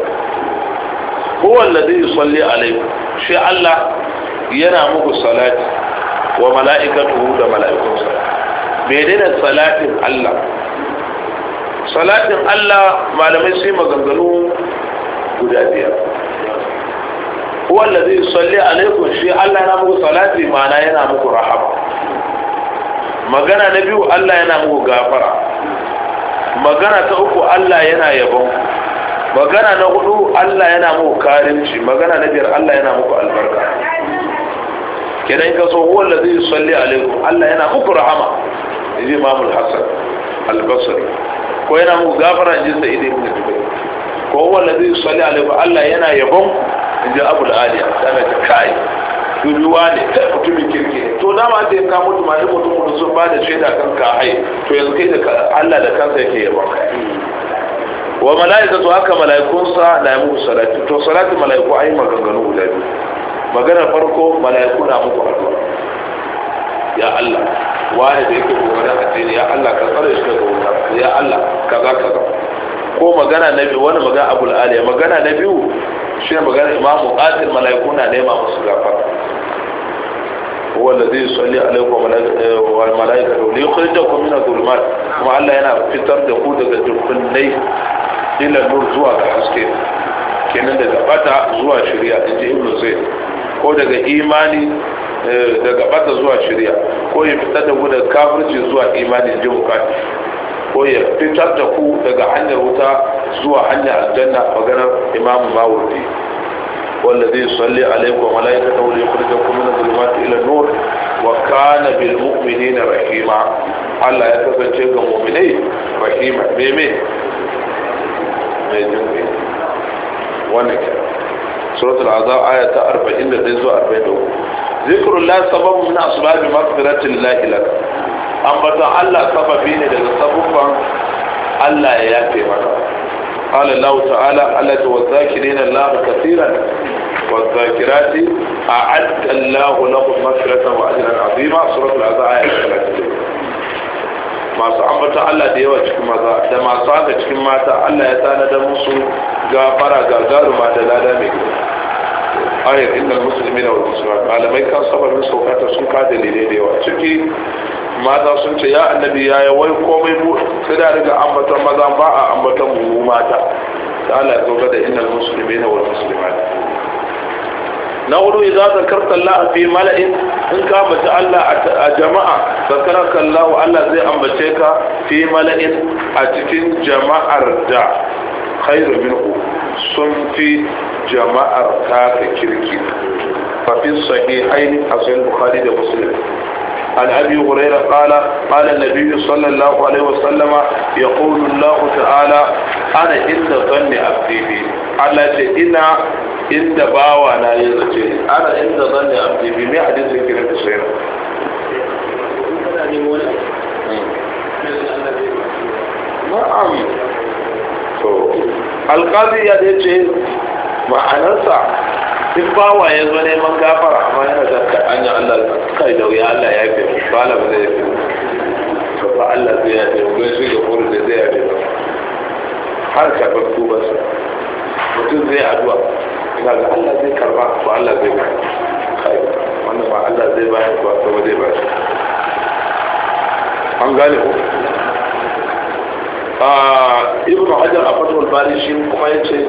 huwa alladhi yusalli alaykum shi Allah yana muku salati wa mala'ikatuhu da mala'ikunsa menene salatin Allah salatin Allah malamai sai maganganu guda biyar huwa alladhi yusalli alaykum shi Allah yana muku salati ma'ana yana muku rahama magana na biyu Allah yana muku gafara magana ta uku Allah yana yabon magana na hudu Allah yana muku karinci magana na biyar Allah yana muku albarka kenan ka so huwa allazi yusalli alaikum Allah yana muku rahama idi Imam al-Hasan al-Basri ko yana muku gafara inji sai idi ibn dubai ko huwa allazi yusalli alaikum Allah yana yabon inji Abu al-Aliya da ta kai duniya ne ta mutumin kirki to da dama da ya kamo tumanin mutum mutum sun ba da shaida kan ka hai to yanzu kai da Allah da kansa yake yabon wa mala'ikatu haka mala'ikunsa na yi muku salati to salati mala'iku ayi maganganu guda biyu maganar farko mala'iku na muku addu'a ya Allah wani da yake kokarin addini ya Allah ka tsare shi daga wuta ya Allah ka ka ga. ko magana na biyu wani magana abul aliya magana na biyu shi ne magana imamu qatil mala'iku na nema musu gafara huwa allazi yusalli alaykum wa malaikatu li yukhrijakum min adh-dhulumat kuma Allah yana fitar da ku daga dukkanai ila nur zuwa ga kenan daga bata zuwa shari'a inji ibnu zayd ko daga imani daga bata zuwa shari'a ko ya fitar da ku daga kafirci zuwa imani inji bukati ko ya fitar da ku daga hanyar wuta zuwa hanyar aljanna maganar imamu mawardi والذي يصلي عليكم وملائكته ليخرجكم من الظلمات الى النور وكان بالمؤمنين رحيما الله يتفجر المؤمنين رحيما بمين بمين وانك سورة العذاب آية 40 لذو 40 ذكر الله سبب من أسباب مغفرة الله لك أما الله سببين لذو سببا الله يأتي مكان قال الله تعالى ألا والذاكرين الله كثيرا والذاكرات أعد الله لهم مغفرة وأجرا عظيما سورة الأعزاء آية 30 masu ambata Allah da yawa cikin maza da masu haka cikin mata Allah ya tanada musu gafara gagaruma da lada mai ayar musulmi muslimina wal muslimat malamai kan sababin saukata sun ka dalilai da yawa ciki mata sun ce ya annabi ya yi wai komai mu sai da daga ambaton maza ba a ambaton mu mata da ala ya zauka da innal muslimina wal muslimat na hudu idan zakarta a fi mala'in in ka ambaci Allah a jama'a kalla wa Allah zai ambace ka fi mala'in a cikin jama'ar da khairu minhu sun fi jama'ar ta kirki fa fi sahihaini a sahih bukhari da muslim an abi hurairah qala qala nabi sallallahu alaihi wa sallama yaqulu allah ta'ala ana inda zanni abdi Allah ce inda bawa na yin ana inda zanni abdi bi mai hadisin kira da shi na'am to alƙazi ya dai ce ma'anarsa duk bawa ya zo neman gafara amma yana zarta an yi allah kai da wuya allah ya fi ba ba zai fi to ba allah zai ya fi don shi ga kuri da zai ya fi har karɓar tubarsa mutum zai addu'a ina ga allah zai karba ba allah zai kai wannan ba allah zai bayar ba ta ba zai bayar an gane ko ibn hajar a fatul bari shi kuma ya ce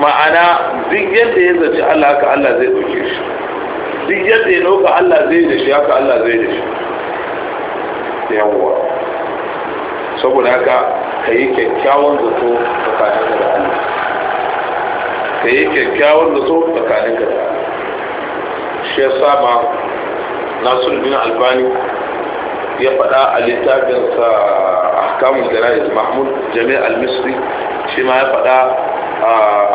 ma'ana duk yadda ya zaci allah haka allah zai ɗauke shi duk yadda ya dauka allah zai da shi haka allah zai da shi yawa saboda haka ka yi kyakkyawan zato tsakanin da allah ka yi kyakkyawan zato tsakanin da allah shi ya saba nasiru bin albani يقرا الكتاب احكام الجنائز محمود جميع المصري فيما يقرا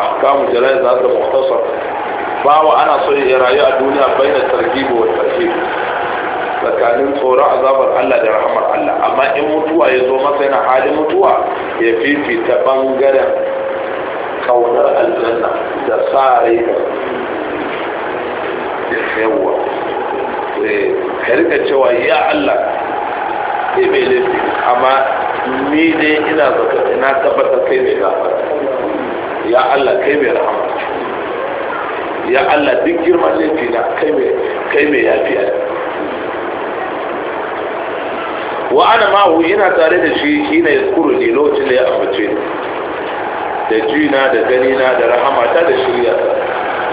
احكام الجنائز هذا مختصر فهو انا صحيح رايا الدنيا بين الترغيب والترهيب لكن ان تورا عذاب الله لرحمة الله اما ان متوا يزو مثلا حال متوا يفي في تبنغر كون الجنه تساري يخوف Eh, ka cewa ya Allah sai mai laifi amma ni dai ina zata na tabbata kai mai gafara ya Allah kai mai rahama ya Allah duk girman laifi na kai mai yafiya wa ana hu ina tare da shi shi ne kuru ne lokacin da ya ambace da jina da ganina da rahama ta da shirya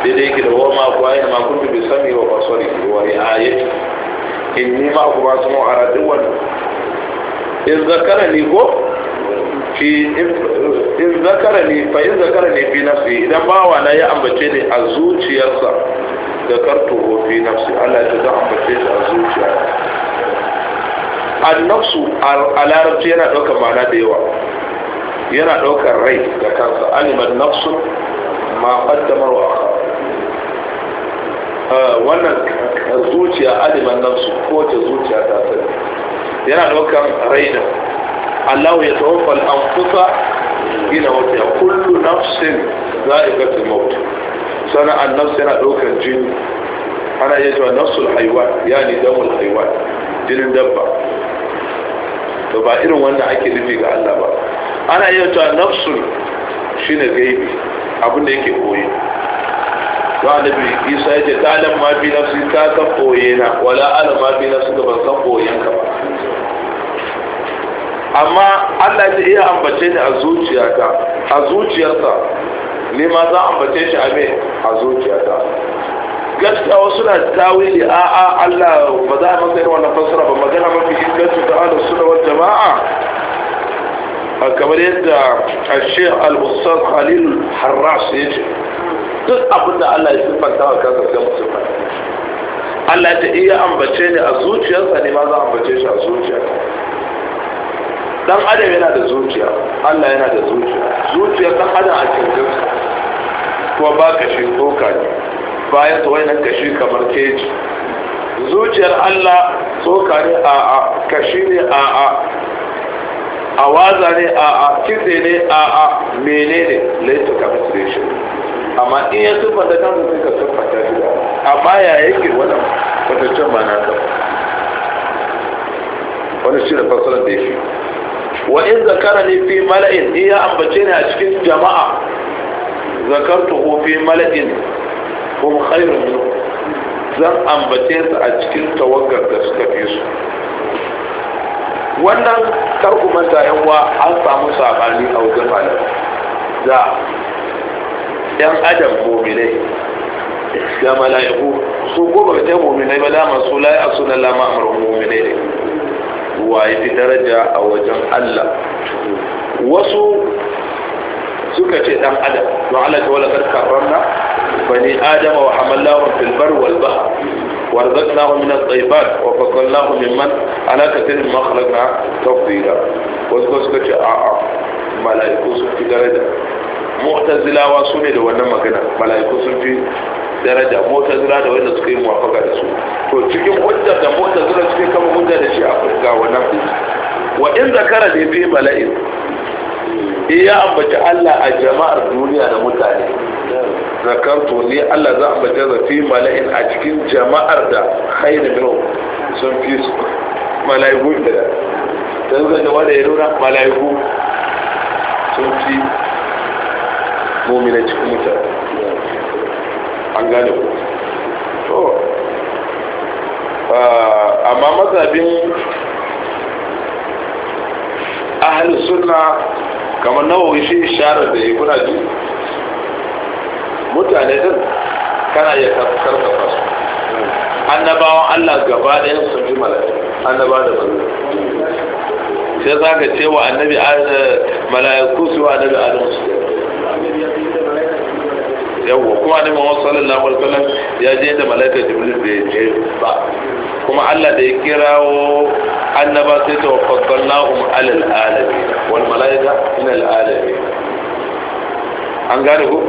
daidai ki da wa ma ayi ma kun bi sami wa basari wa In ni ma ku ba su mu duk wani. in zakara ni ko fi in zakara ni fa in zakara ni fi nafsi idan bawa na ya ambace ni a zuciyarsa zakartu fi nafsi Allah ya ta ambace shi a zuciya. annafsu a larabci yana ɗaukar mana da yawa yana ɗaukar rai da kansa aliman nafsu ma ƙaddamar wa wannan zuciya aliman nafsu ko ta zuciya ta sani yana daukan raina Allah ya tawaffa al-anfusa gina wata kullu nafsin za'iqatul maut sana an nafsu yana daukan jini ana iya cewa nafsul ya yani damul haiwan jinin dabba to ba irin wannan ake nufi ga Allah ba ana iya cewa nafsul shine gaibi abinda yake koyi to annabi isa ya ce talan ma fi nafsi ta san koye na wala ala ma na su ka ban san koyen ka ba amma Allah ya iya ambace ni a zuciyata a zuciyarsa ne ma za a ambace shi a me a zuciyata gaskiya wasu na tawili a a Allah ba za a masa irin wannan fassara ba magana mafi inganci ta ahlus sunna jama'a kamar yadda ashir al-ustaz khalil harras ya ce duk abin da allah ya siffanta wa kansa sai mu siffanta allah ta iya ambace ni a zuciyarsa ne ma za a ambace shi a zuciya. dan adam yana da zuciya allah yana da zuciya zuciyar dan adam a cikin kuma ba kashi tsoka ne bayan su wainan kashi kamar keji zuciyar allah tsoka ne a kashi ne a a a waza ne a a kitse ne a a ne laifin kamisration amma in ya siffanta kan mutum ka siffanta shi amma ya yake wani kwatancen ba na ta wani shi ne fasalan da ya fi wa in zakara ne fi mala'in in ya ambace ne a cikin jama'a zakartuhu fi mala'in hum khairun zan ambace su a cikin tawagar da suka fi su wannan kar ku manta yan wa an samu sabani a wajen malamai da yan adam mu'minai da mala'iku su goma ta mu'minai ba dama su suna lama a ma'amru mu'minai ne yi fi daraja a wajen Allah wasu suka ce dan adam don Allah ta wala ranar bani adama wa hamallawar filbar walba ورزقناه من الطيبات وفضلناه ممن على كثير ما خلقنا تفضيلا wasu suka ce a'a mala'iku sun fi daraja mu'tazilawa su ne da wannan magana mala'iku sun fi daraja mu'tazila da wanda suka yi muwafaka da su to cikin hujja da mu'tazila suke kama hujja da shi a ga wannan wa in zakara ne bi mala'in ya ambaci Allah a jama'ar duniya da mutane zakarto ne Allah za a bace da fi mala'in a cikin jama'ar da haini minhu sun fi su mala'iku da don zai da wanda ya nuna mala'iku sun fi mu'mina cikin mutane an gane ku to ah, amma mazabin ahli suna kamar nawawi shi shara da ya kuna ji mutane din kana iya karfafa su annabawan Allah gaba ɗayan sun fi mala'iku annaba da ba sai za ka ce wa annabi eh, mala'iku su wa annabi adam su yawwa kuma annabi mawa sallallahu alaihi wasallam ya je da mala'ika jibril ya je ba kuma Allah da ya kirawo annaba sai ta wafaddalnahum alal alamin wal mala'ika min al alamin an gane ku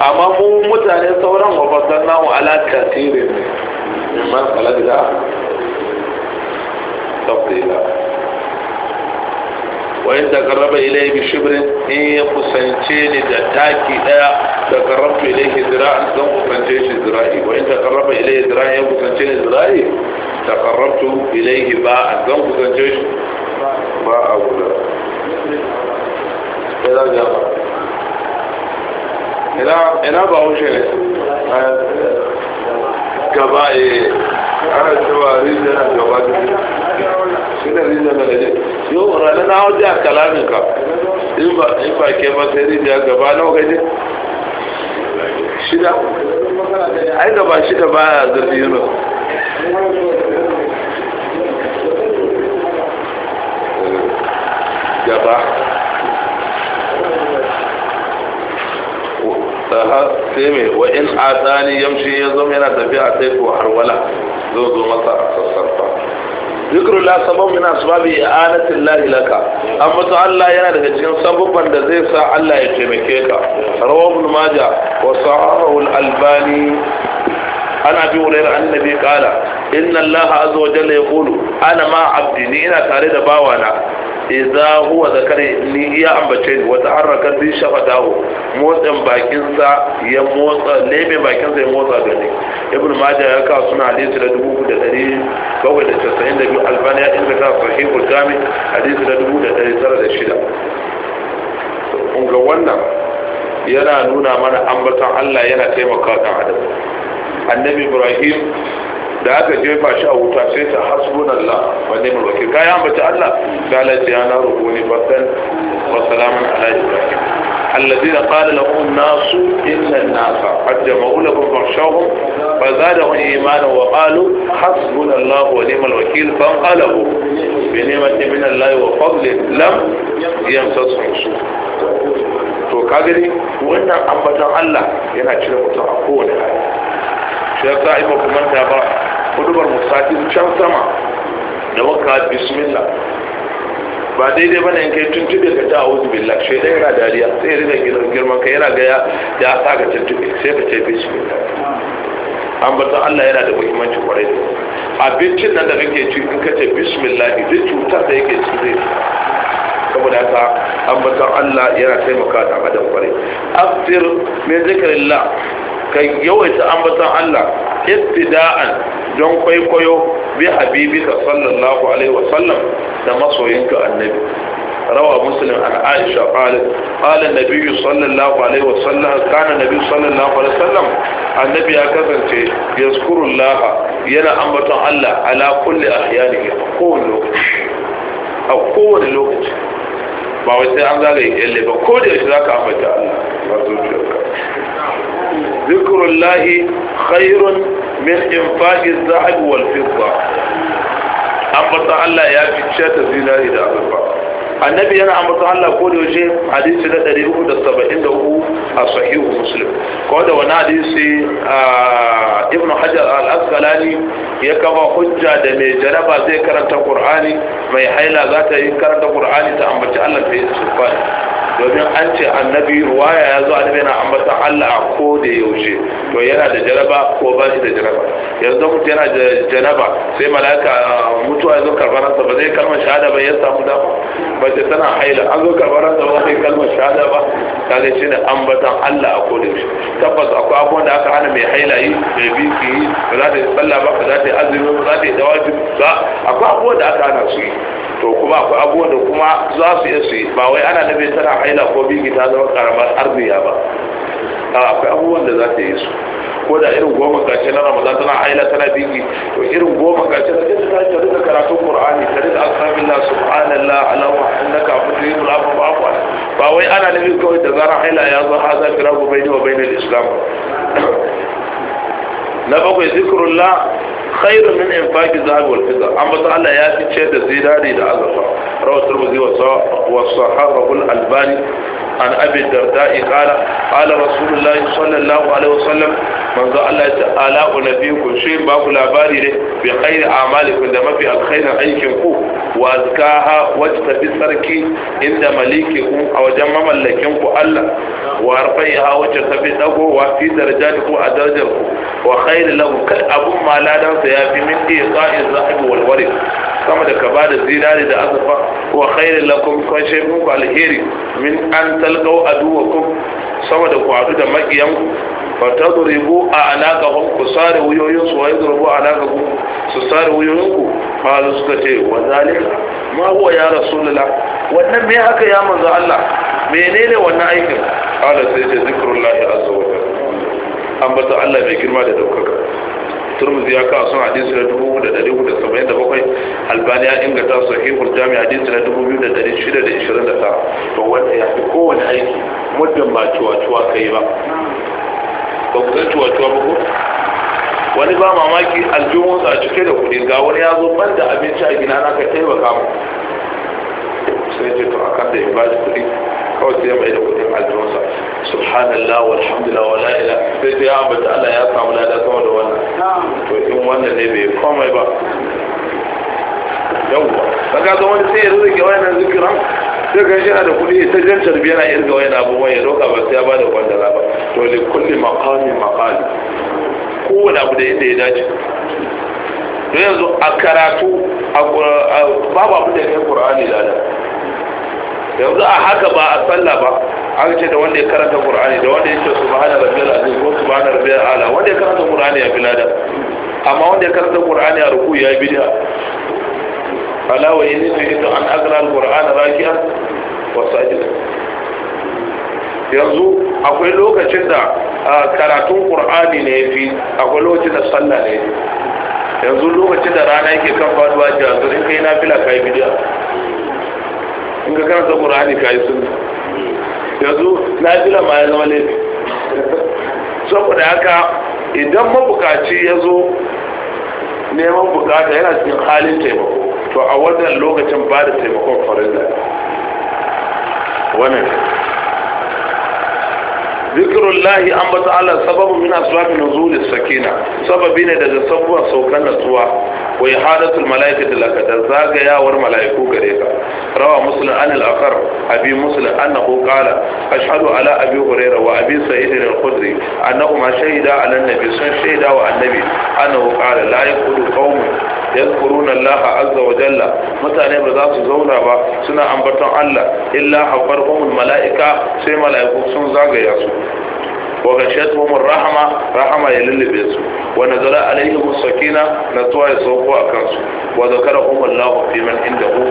amma mu mutane sauran wa fasanna mu ala kasirin man kalabida tafdila wayin da karaba ilai bi shibrin in ya kusance ni da taki daya da karabtu ilai an zan kusance shi zira'i wayin da karaba ilai zira'an ya kusance ni zira'i da karabtu ilai an zan kusance shi ba a guda ya za ina ba hushe ne gaba e ana cewa rijiyar gaba da shi ne rijiyar da ne yau ranar na hau a kalaminka in ba ke mata sai rijiyar gaba nawa gaje shida ai gaba shida baya zurfi yunus gaba sai mai wa in atani yamshi ya zama yana tafiya sai ko harwala zai zo masa sassarfa zikru la sabab min asbabi i'anati llahi laka an to Allah yana daga cikin sababban da zai sa Allah ya taimake ka rawa ibn majah wa sahahu albani ana bi ulayra annabi kala. inna allaha azza wa jalla yaqulu ana ma abdi ni ina tare da bawana idza huwa kare ni iya ambace ni wata harraka bi shafatahu motsin bakin sa ya motsa lebe bakin sa ya motsa gani ibn majah ya kawo suna hadisi da dubu da da dari casa'in 1792 albani ya inganta sahihul jami hadisi da dubu da dari da shida. ga wannan yana nuna mana ambaton Allah yana taimaka kan adam annabi ibrahim da aka jefa shi a wuta sai ta hasbunallah wa ni'mal wakil kai an bace Allah galat ya na rubuni bardan wa salamun ala ibrahim alladhina qala lahum an-nas inna an-nas qad jama'u lakum fakhshawhum fa zadahum imanan wa qalu hasbunallah wa ni'mal wakil fa qalu bi ni'matin min Allah wa fadlin lam yamsasuhum su' to kagari wannan ambatan Allah yana cire mutum a kowane hali shi ya sa ba kuma ta ba hudubar musafir can sama da waka bismillah ba daidai ba ne in kai tuntube ka ta auzu billah shi dai yana dariya sai ya rika girman ka yana gaya ya sa ka tuntube sai ka ce bismillah an batun Allah yana da muhimmanci kwarai da abincin nan da kake ci in ka ce bismillah duk cutar da yake ci zai saboda haka an batun Allah yana taimaka da adam kwarai aftir min la, ka yawaita an batun Allah ibtida'an don kwaikwayo bi habibika sallallahu alaihi sallam da masoyinka annabi روى مسلم عن عائشة قالت قال النبي صلى الله عليه وسلم كان النبي صلى الله عليه وسلم النبي هكذا يذكر الله ينا أمة الله على كل أحيانه أقول لوكت أقول لوكت ba wai sai an zagaye kyalle ba ko da yaushe zaka ambata Allah ba zuciyarka zikrullahi khairun من انفاق الذهب والفضة أبطى الله يا فتشات الزلال إلى أبطى annabi yana ambaton Allah ko da yaushe hadisi na 373 a sahihu muslim ko da wani hadisi ibn hajar al-asqalani ya kafa hujja da mai jaraba zai karanta qur'ani mai haila za ta yi karanta qur'ani ta ambaci Allah ta yi subhan domin an ce annabi ruwaya ya zo annabi yana ambatan Allah a ko da yaushe to yana da jaraba ko ba shi da jaraba yanzu mutum yana da jaraba sai malaka mutuwa ya zo karbaransa ba zai kalmar shahada ba ya samu dama ba mace tana haila an zo kabaran da wani kalmar shahada ba ta zai shi ne ambatan Allah a kodin shi tabbas akwai abubuwan da aka hana mai haila yi mai biki yi ba za ta yi sallah ba ba za ta yi azumi ba za ta yi ba akwai abubuwan da aka hana su yi to kuma akwai abubuwan da kuma za su iya su yi ba wai ana nufin tana haila ko biki ta zama karamar arziya ba akwai abubuwan da za ta yi su ko da irin goma karshe na ramadan tana haila tana biki to irin goma karshe na ita ta ta rika karatun qur'ani ta rika astaghfirullah subhanallah alahu annaka mutimul afu afu ba wai ana nufin kawai da zarar haila ya zo haza firagu baini wa bainal islam na bakwai zikrullah khairu min infaqi dhahab wal fidda amma ta Allah ya fice da zinari da azurfa rawatul buzi wa sahahu al albani an abi darda qala qala rasulullahi sallallahu alaihi wasallam manzo Allah ta ala unabiyukum shi ba ku labari ne bi khairi a'malikum da mafi alkhairin aikin ku wa azkaha wacce tafi sarki inda malikikum a wajen mamallakin ku Allah wa arfaiha wacce tafi dago. Wa fi darajatiku a darajar ku wa khairi lahu kal abun ma ladan sa yafi min isa'i zahib wal warid sama da ka bada zinari da azurfa wa khairi lakum kun muku alheri min an talqaw aduwakum saboda ku haɗu da makiyan fa tadribu a alaka hum ku sare wuyoyin su wa yadribu alaka ku su sare wuyoyin ku qalu suka ce wa zalika ma huwa ya rasulullah wannan me haka ya manzo Allah menene wannan aikin qala sai ce zikrullahi azza wa jalla ambata Allah bai girma da daukaka turmuzi ya kawo sun hadisi na dubu da dari da saba'in da bakwai albani ya su sahihul jami hadisi na dubu biyu da dari shida da ishirin da tara to wanda ya fi kowane aiki muddin ba cuwa-cuwa ka yi ba ba ku san cuwa-cuwa ba ku wani ba mamaki aljihun a cike da kuɗi ga wani ya zo ban da abinci a gina na ka taimaka kamu sai ce to akan da in ba da kuɗi kawai sai mai da kudin aljihunsa subhanallah walhamdulillah wala ila sai sai ya ambata Allah ya samu lada sama da wannan to in wanda ne bai komai ba yawwa ba ka ga wani sai ya rike wayannan zikira sai kan yana da kudi ta jan tarbi yana irga wayannan abubuwan ya roka ba sai ya bada kwandala ba to li kulli maqami maqali kowane abu da yadda ya dace to yanzu a karatu babu abu da ya kai qur'ani lada yanzu a haka ba a sallah ba an ce da wanda ya karanta qur'ani da wanda ya ce subhana rabbiyal azim ko subhana rabbiyal ala wanda ya karanta qur'ani ya bilada amma wanda ya karanta qur'ani a ruku ya bid'a ala wa inni tu'itu an aqra al-qur'ana raki'an wa sajidan yanzu akwai lokacin da karatun qur'ani ne fi akwai lokacin da sallah ne yanzu lokacin da rana yake kan faduwa jazu in kai nafila kai bid'a in ka karanta qur'ani kai sunna yanzu na nafila ma ya zama laifi saboda haka idan mabukaci ya zo neman bukata yana cikin halin taimako to a wannan lokacin ba da taimakon da wannan zikrullahi an bata Allah sababu min asbabin nuzul sababi ne daga sabuwa saukan natsuwa wa ihadatul malaikati laka da zagayawar malaiku gare ka rawa muslim an al-akhar abi muslim annahu qala ala abi hurairah wa abi sa'id al-khudri annahuma shahida ala an-nabi sun shaida wa annabi annahu qala la yaqulu qaumun yadhkuruna Allah azza jalla mutane ba za su zauna ba suna ambaton Allah illa hafarhumul malaika sai malaiku sun zagaya su wa ghashatuhum rahma rahma ya lullube su wa nazala alaihim sakina natsuwa ya ko a kansu wa zakarahum Allahu fi man indahu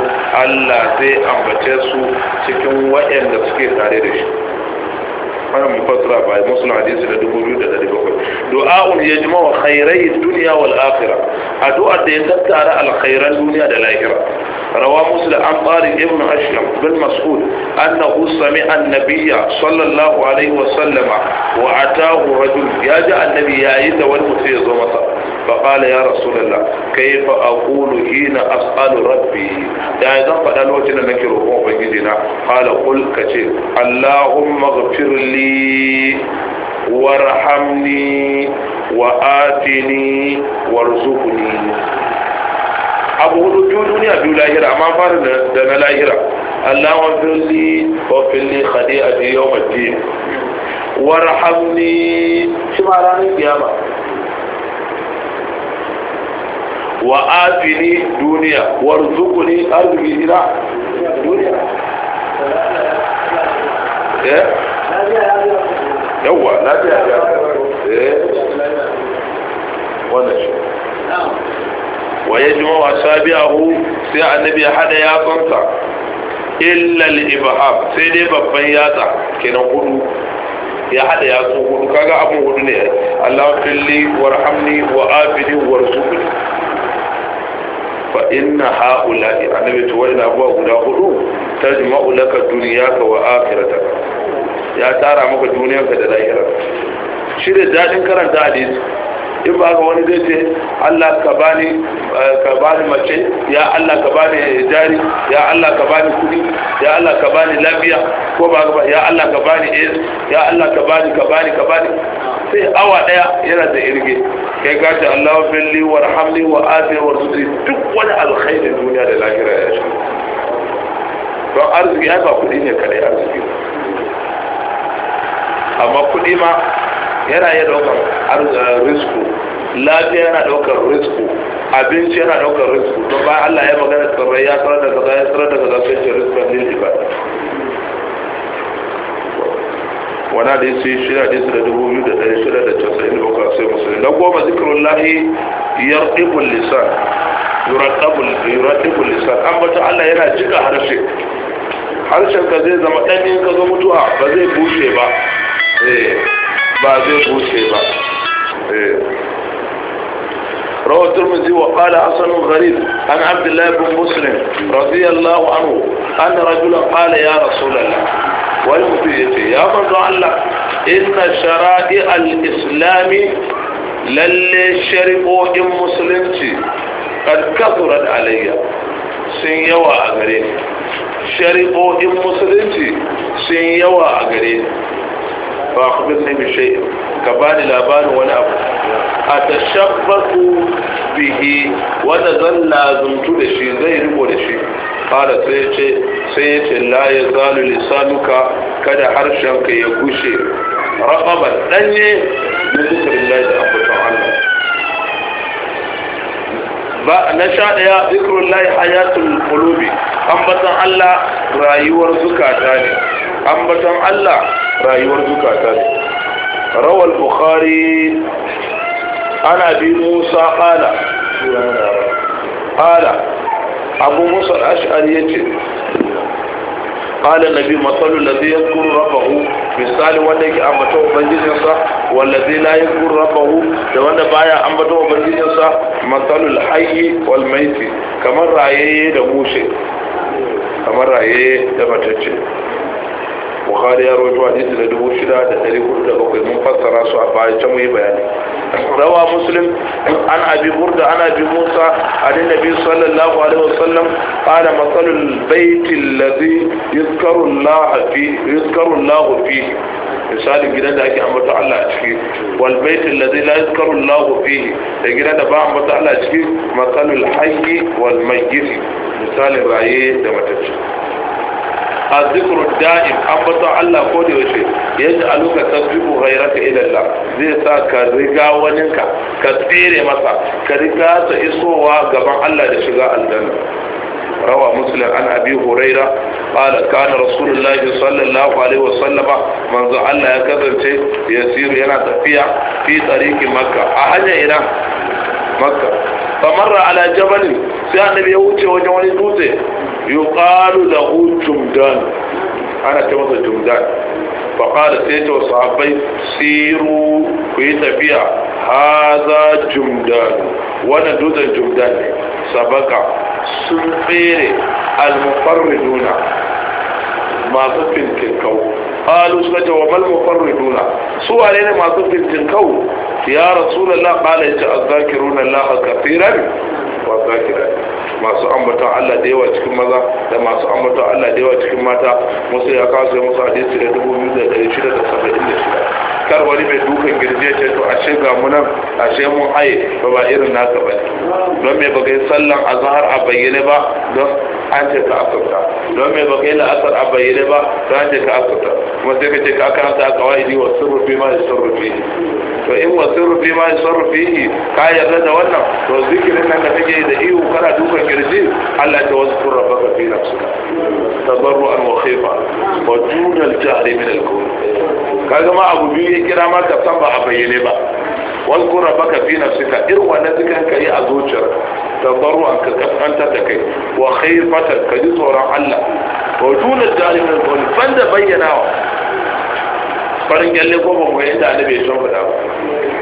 Allah zai ambace su cikin waɗanda suke tare da shi al-rahman mufassara by muslim hadisi da 2700 du'a'un yajma'u khairai dunya wal akhirah addu'a da ya tattara alkhairan duniya da lahira روى مسلم عن طارق ابن أشلم بن مسعود أنه سمع النبي صلى الله عليه وسلم وأتاه رجل يا جاء النبي يا إيد والمسيح فقال يا رسول الله كيف أقول حين أسأل ربي يا إذا قد ألوتنا نكره وبجدنا قال قل كثير اللهم اغفر لي لي وارحمني وآتني abu hudu biyu duniya biyu lahira amma fara da na lahira Allah wa firli wa firli khadi a biyu yau mace warhamni shi ma ranar kiyama wa duniya warzuqni arziki duniya yawwa lafiya ya eh wannan shi wa yajma wa sabi'ahu sai annabi ya hada yatsansa illa al sai dai babban yatsa kenan hudu ya hada yatsu hudu kaga abun hudu ne Allah filli warhamni wa afini warzuqni fa inna haula annabi to wannan abuwa guda hudu tajma'u laka dunyaka wa akhirataka ya tara maka duniyarka da lahirar shi da daɗin karanta hadisi in ba ga wani zai ce Allah ka bani eh, ka bani mace ya Allah ka bani jari ya Allah ka bani kudi ya Allah ka bani lafiya ko ba ga ya Allah ka bani es ya Allah ka bani ka bani ka bani sai awa daya yana da irge kai ka ce Allah filli warhamni wa afi wa rizqi duk wani alkhairin duniya da lahira ya shi don arziki ai ba kudi ne kadai arziki amma kuɗi ma yana iya ɗaukar eh, risku lafiya yana ɗaukar risku abinci yana ɗaukar risku don ba allah ya magana tsirrai ya tsara da kaza ya tsara da kaza sai ce ne lil ibad wani hadisi shi da dubu biyu da ɗari shida da casa'in da bakwai sai musulmi Don goma zikirun lahi ɗibin lisan yuraɗibul lisan an bata allah yana jiga harshe harshen ka zai zama ɗanyen ka zo mutuwa ba zai bushe ba ba zai روى الترمذي وقال حسن غريب عن عبد الله بن مسلم رضي الله عنه أن رجلا قال يا رسول الله والمفيد يا من الله إن شرائع الإسلام للي شرقوا إن مسلمتي قد كثرت علي sun yawa a إن مسلمتي shari'o'in musulunci ba kuma ka ba labarin wani abu a ta shabbaku bihi wanda zan lazumtu da shi zai riko da shi fara sai ya ce sai ya ce la ya zalu lisanuka kada harshen ka ya gushe rababan danye na zikirin da ambaton Allah ba na sha daya zikrul lahi hayatul qulubi ambatan Allah rayuwar zukata ne ambatan Allah rayuwar zukata ne rawal bukhari ana bi musa qala qala abu musa al-ash'ari yace qala nabi masalu ladhi yadhkuru rabbahu misali wanda yake ambata ubangijinsa wallazi la yadhkuru rabbahu da wanda baya ambata sa, masalul hayyi wal maiti kamar raye-raye da mushe kamar raye-raye da matacce bukhari ya rawaito hadisi na dubu shida da dari hudu daga bakwai mun fassara su a baya can muyi bayani rawa muslim an abi burda an abi musa an nabi sallallahu alaihi wasallam qala masalul baiti alladhi yuzkaru allah fi yuzkaru allah fi misalin gidan da ake ambata Allah a ciki wal baiti alladhi la yuzkaru allah fihi da gidan da ba ambata Allah a ciki masalul hayy wal mayyit misalin raye da matacce a zikiru an ambaton Allah ko da yaushe yadda aluka tasbihu ghayraka ila Allah zai sa ka riga waninka ka tsere masa ka riga ta isowa gaban Allah da shiga aljanna روى مسلم عن أبي هريرة قال كان رسول الله صلى الله عليه وسلم من زعل يكذب يسير ينا تفيع في طريق مكة أحجى إلى مكة فمر على جبل سيان اليهود وجوان دوسي يقال له جمدان انا ce جمدان فقال سيت وصحابي سيروا في تبيع هذا جمدان وانا دود الجمدان سبقا سنفير المفردون ما تفن تنكو قالوا سنجا وما المفردون سوء علينا ما تفن تنكو يا رسول الله قال الذاكرون الله كثيرا wa zakira masu ambaton Allah da yawa cikin maza da masu ambaton Allah da yawa cikin mata musu ya kawo sai musu hadisi da dubu biyu da ɗari shida da saba'in da shida kar wani mai dukan girje ce to ashe ga mu nan ashe mun haye ba ba irin naka ba don me ba kai sallan azhar a bayyane ba don an ce ka asarta don me baka yi la'asar a bayyane ba don an ce ka asarta kuma sai ka ce ka karanta a kawai wa sirrufi ma ya sirrufi to in wa sirrufi ma ya sirrufi ka yarda da wannan to zikirin nan da kake da iyo kana duka kirji Allah ta wasu kurra baka fi nafsuka tabarru'an wa khifa wa dunal jahri min al-qawl kaga ma abu biyu ya kira ma ka san ba a bayyane ba واذكر ka في da kai, نذكا كي أزوجر تضرعا كأنت tsoron Allah. Ko صورا حلا ودون ban da bayyana wa farin gyalle ko ba mu ga inda annabi ya shimfiɗa ba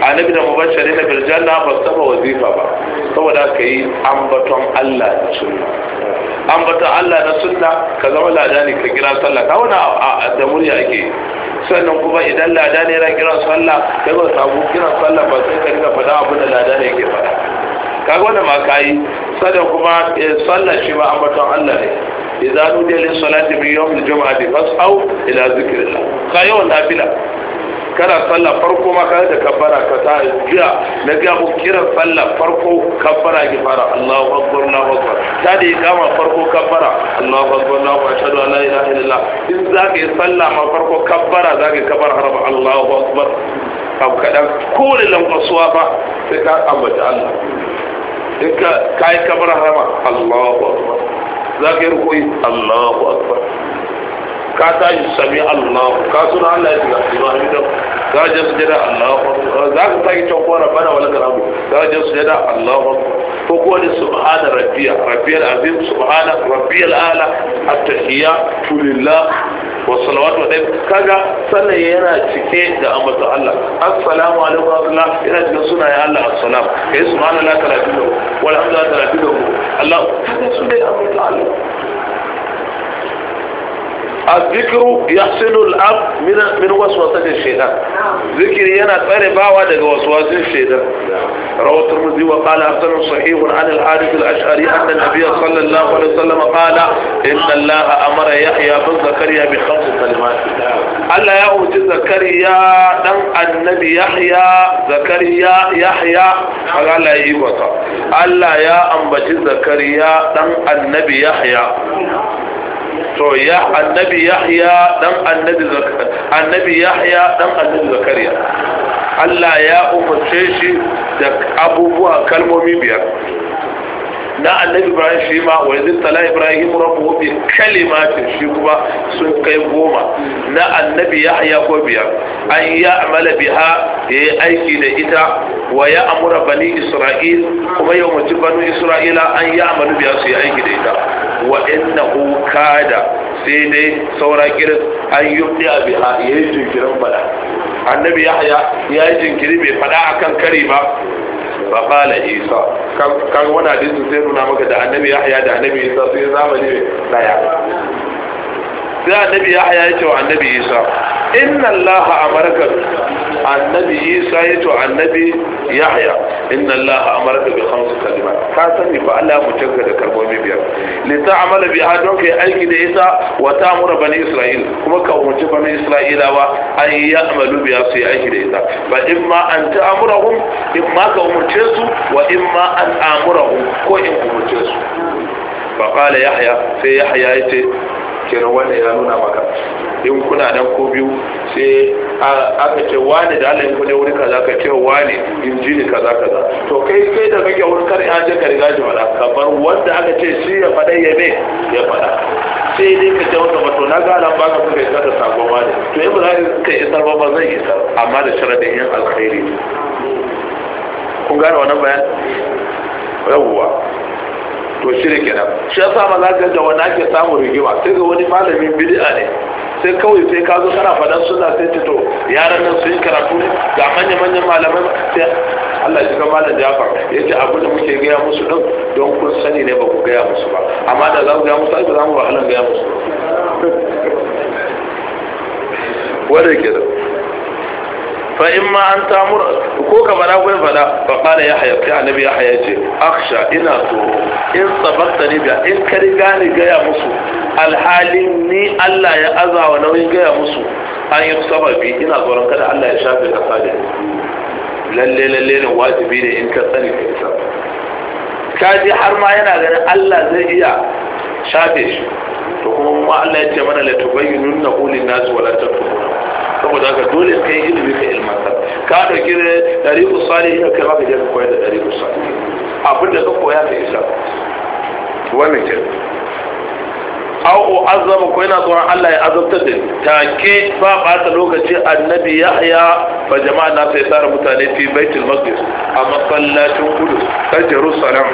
annabi da mubashari na ba saba wazifa ba saboda ka yi ambaton Allah da sunna an bata Allah na sunna ka zama lada ne ka kira sallah ka wani da murya ake sannan kuma idan lada ne yana kira sallah kai ba sabu kira sallah ba sai ka rika faɗa abin da lada ne yake faɗa Ka wanda ma ka yi sannan kuma eh, sallah shi ma ambaton Allah ne idan nudiya lin salati min yawm al-jum'ati fas'au ila zikrillah ka yawan nafila kana sallah farko ma ka da kabbara ka sa jiya na ga mu kiran sallah farko kabbara ki fara Allahu akbar Allahu akbar ta da ikama farko kabbara Allahu akbar Allahu ashhadu an la ilaha illallah in zaka yi sallah ma farko kabbara zaka yi kabbara harba Allahu akbar abu kadan kowane lankwasuwa ba sai ka ambata Allah in ka kai kabbara harba Allahu akbar zaka yi rukuyi Allahu akbar ka ta yi sami allahu, ka suna Allah ya shiga suna hamida ka je su jada Allah za ka sake can kora bana wani karamu ka je su jada allahu ko ko ne subhana rabbiya rabbiyal azim subhana rabbiyal ala at-tahiyya lillah wa salawat wa dai kaga sannan yana cike da ambaton Allah assalamu alaikum wa rahmatullah yana cikin sunayen Allah assalam kai subhanallahi 30 wal hamdulillah 30 Allah kaga su dai ambaton Allah الذكر يحصل الأب من من وسوسة الشيطان ذكر ينا تقري باوا دغ وسوسة الشيطان روى الترمذي وقال حسن صحيح عن الحارث الأشعري أن النبي صلى الله عليه وسلم قال إن الله أمر يحيى بن زكريا بخمس كلمات ألا يأوت زكريا دم النبي يحيى زكريا يحيى قال لا يقطع ألا يا أنبت زكريا دم النبي يحيى to ya annabi yahya dan annabi zakariya annabi yahya dan annabi zakariya Allah ya umarce shi da abubuwa kalmomi biyar na annabi ibrahim shi ma wa yanzu tala ibrahim rabbuhu bi kalimatin shi kuma sun kai goma na annabi yahya ko biyar an yi amala biha yi aiki da ita wa ya amura bani isra'il kuma ya umarci bani isra'ila an yi amalu biya su yi aiki da ita wa hu kada sai dai saura kirin an a biya ya yi jinkirin fada annabi yahya yi jinkiri bai fada akan kari ba ba qala isa kan wani hadisi sai nuna maka da annabi yahya da annabi isa sai zamani daya sai annabi ya haya ya ce wa annabi isa inna allah amarka annabi isa ya ce wa annabi ya haya inna allah amarka bi khamsi Kalima. ka sani ba allah mu tanka da kalmomi biyar li ta'mala biha don kai aiki da ita wa mura bani isra'il kuma ka umarci bani isra'ilawa an ya'malu biha su yi aiki da ita in ma an hun, in ma ka umarce su wa ma an amura hun, ko in umarce su Ba ya فقال يحيى ya يحيى kenan wanda ya nuna maka in kuna nan ko biyu sai aka ce wani da Allah ya kune wuri kaza ka ce wani in ji ni kaza kaza to kai kai da kake wurin kar ya je ka riga shi fada ka bar wanda aka ce shi ya fada ya me ya fada sai dai ka ce wanda to na ga Allah baka kuka isa da sabon wani to in ba za ka isa ba ba zai isa amma da sharadin yin alkhairi kun gane wannan bayan yawwa to shi kenan shi ya sa maza da wani ake samun rigima sai ga wani malamin bid'a ne sai kawai sai ka zo kana faɗan suna sai ce to yaran nan sun karatu ne ga manya-manyan malaman sai Allah shi kama da jafa ya ce abu da muke gaya musu ɗin don kun sani ne ba ku gaya musu ba amma da za mu gaya musu ba za mu wahalar gaya musu wadda ke da fa in ma an tamur ko ka fada ko ya fada fa ya yahya sai annabi yahya ce aksha ina tsoro in sabaqta ni biya in kari riga ni gaya musu alhalin ni Allah ya azawa nauyin gaya musu an yi sababi ina tsoron kada Allah ya shafe kasa da lalle lalle ne wajibi ne in ka sani ka isa kaji har ma yana ganin Allah zai iya shafe shi to kuma ma Allah ya ce mana la tubayyinunna ulil nas wa la tatubuna saboda haka dole kai ilimi ka ilmanta ka dauki dariqu salih ka ba ka je ka koyar da dariqu salih abin da ka koya ka isa wannan ke aw azaba ko yana tsoron Allah ya azabta da take ba bata lokaci annabi yahya fa jama'a na sai tsara mutane fi baitul maqdis a masallacin kudu ta jerusalem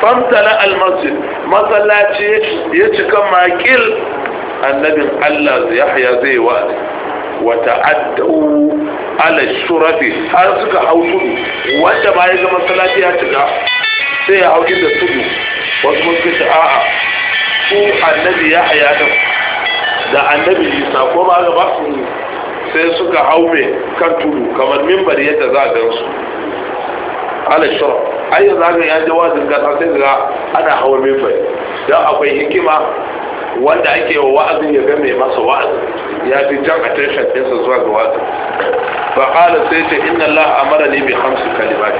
famtala almasjid masallaci ya cika makil annabin Allah Yahya zai wa'azi wa ta'addu ala shurafi har suka hau tudu wanda ba ya ga masallaci ya cika sai ya hau da tudu wasu mun kace a'a su annabi Yahya din da annabi Isa ko ba ga ba sai suka hau kan tudu kamar mimbar yadda za a gansu ala shurafi a yanzu ya ji wazin ga sai ga ana hawa mimbai don akwai hikima wanda ake wa wa'azin ya ga mai masa wa'azi ya fi jan attention ɗinsa zuwa ga wa'azi fa qala sai ce inna allah amara ni bi khamsi kalimat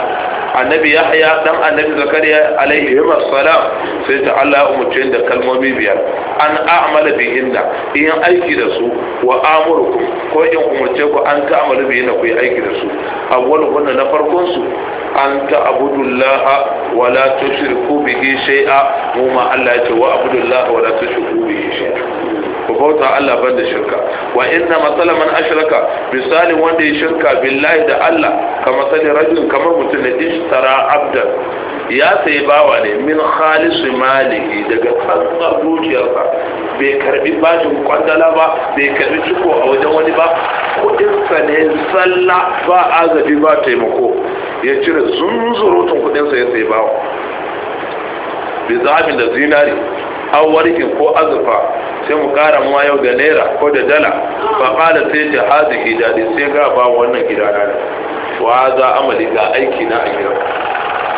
annabi yahya dan annabi zakariya alaihi salam sai ta Allah umurce da kalmomi biyar an a'mala bihinna in aiki da su wa amurukum ko in umurce ku an ta'malu bihinna ku yi aiki da su awwalu kunna na farkon su an ta'budullaha wa la tushriku bihi shay'a mu ma Allah ya ce wa abudullaha wa la tushriku bihi shay'a ku bauta Allah ban da shirka wa inna matsala man ashraka misalin wanda ya shirka billahi da Allah ka masali rajin kamar mutum ne ishtara abdan ya sai bawa ne min khalisu maliki daga tsantsar dukiyarsa bai karbi bajin kwandala ba bai karbi ciko a wajen wani ba kudinsa ne salla ba azabi ba taimako ya cire zunzurutun kudinsa ya sai bawa bi da zinari hawarikin ko azurfa sai mu kara mu yau da naira ko da dala fa kala sai ta hadhihi dadi sai ga ba wannan gida na wa za amali ga aiki na a gidan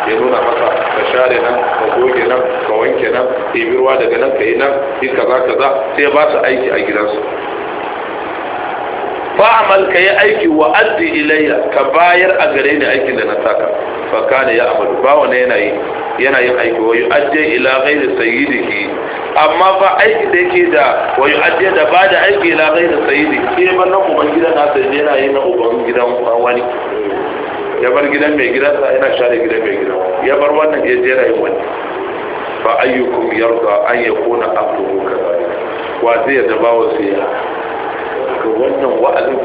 ya nuna masa ka share nan ka goge nan ka wanke nan ka yi ruwa daga nan ka yi nan yi kaza kaza sai ba su aiki a gidansu fa'amal ka yi aiki wa addi ilayya ka bayar a gare ni aikin da na saka fa kana ya amalu ba wani yana yi yana yin aiki wa yu'addi ila ghairi sayyidihi amma fa aiki da yake da wa yu'addi da ba da aiki ila ghairi sayyidi ke ban nan uban gidan sai yana yi na uban gidan wani ya bar gidan mai gidan sa yana share gidan mai gidan ya bar wannan ya jera yin wani fa ayyukum yarda an yakuna abduhu kadhalika wa zai da bawo sai to wannan wa'azin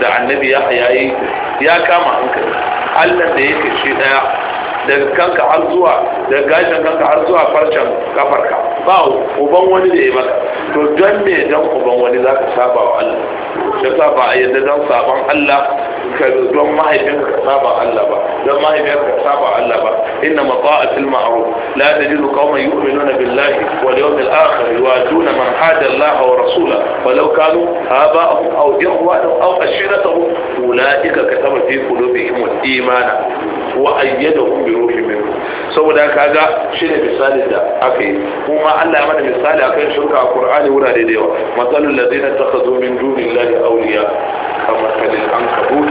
da annabi ya yayi ya kama hankali allah da yake shi daya daga kanka har zuwa daga gashin kanka har zuwa farcen kafarka ba uban wani da ya maka to don me dan uban wani za ka saba wa Allah da sa ba a yadda dan saban Allah ka don mahaifinka ka saba Allah ba don mahaifinka ka saba Allah ba inna mata'atul ma'ruf la tajidu qauman yu'minuna billahi wal yawmil akhir yu'aduna man hada Allah wa rasulahu walau kanu aba'ahum aw ikhwanahum aw ashiratahum ulaika kataba fi qulubihim al-imana wa ayyadahum bi ruhin min saboda kaga shine misalin da aka yi kuma Allah ya mana misali akan shirka a Qur'ani wurare da yawa masalul ladina takhazu min dunillahi awliya kama kalil ankabut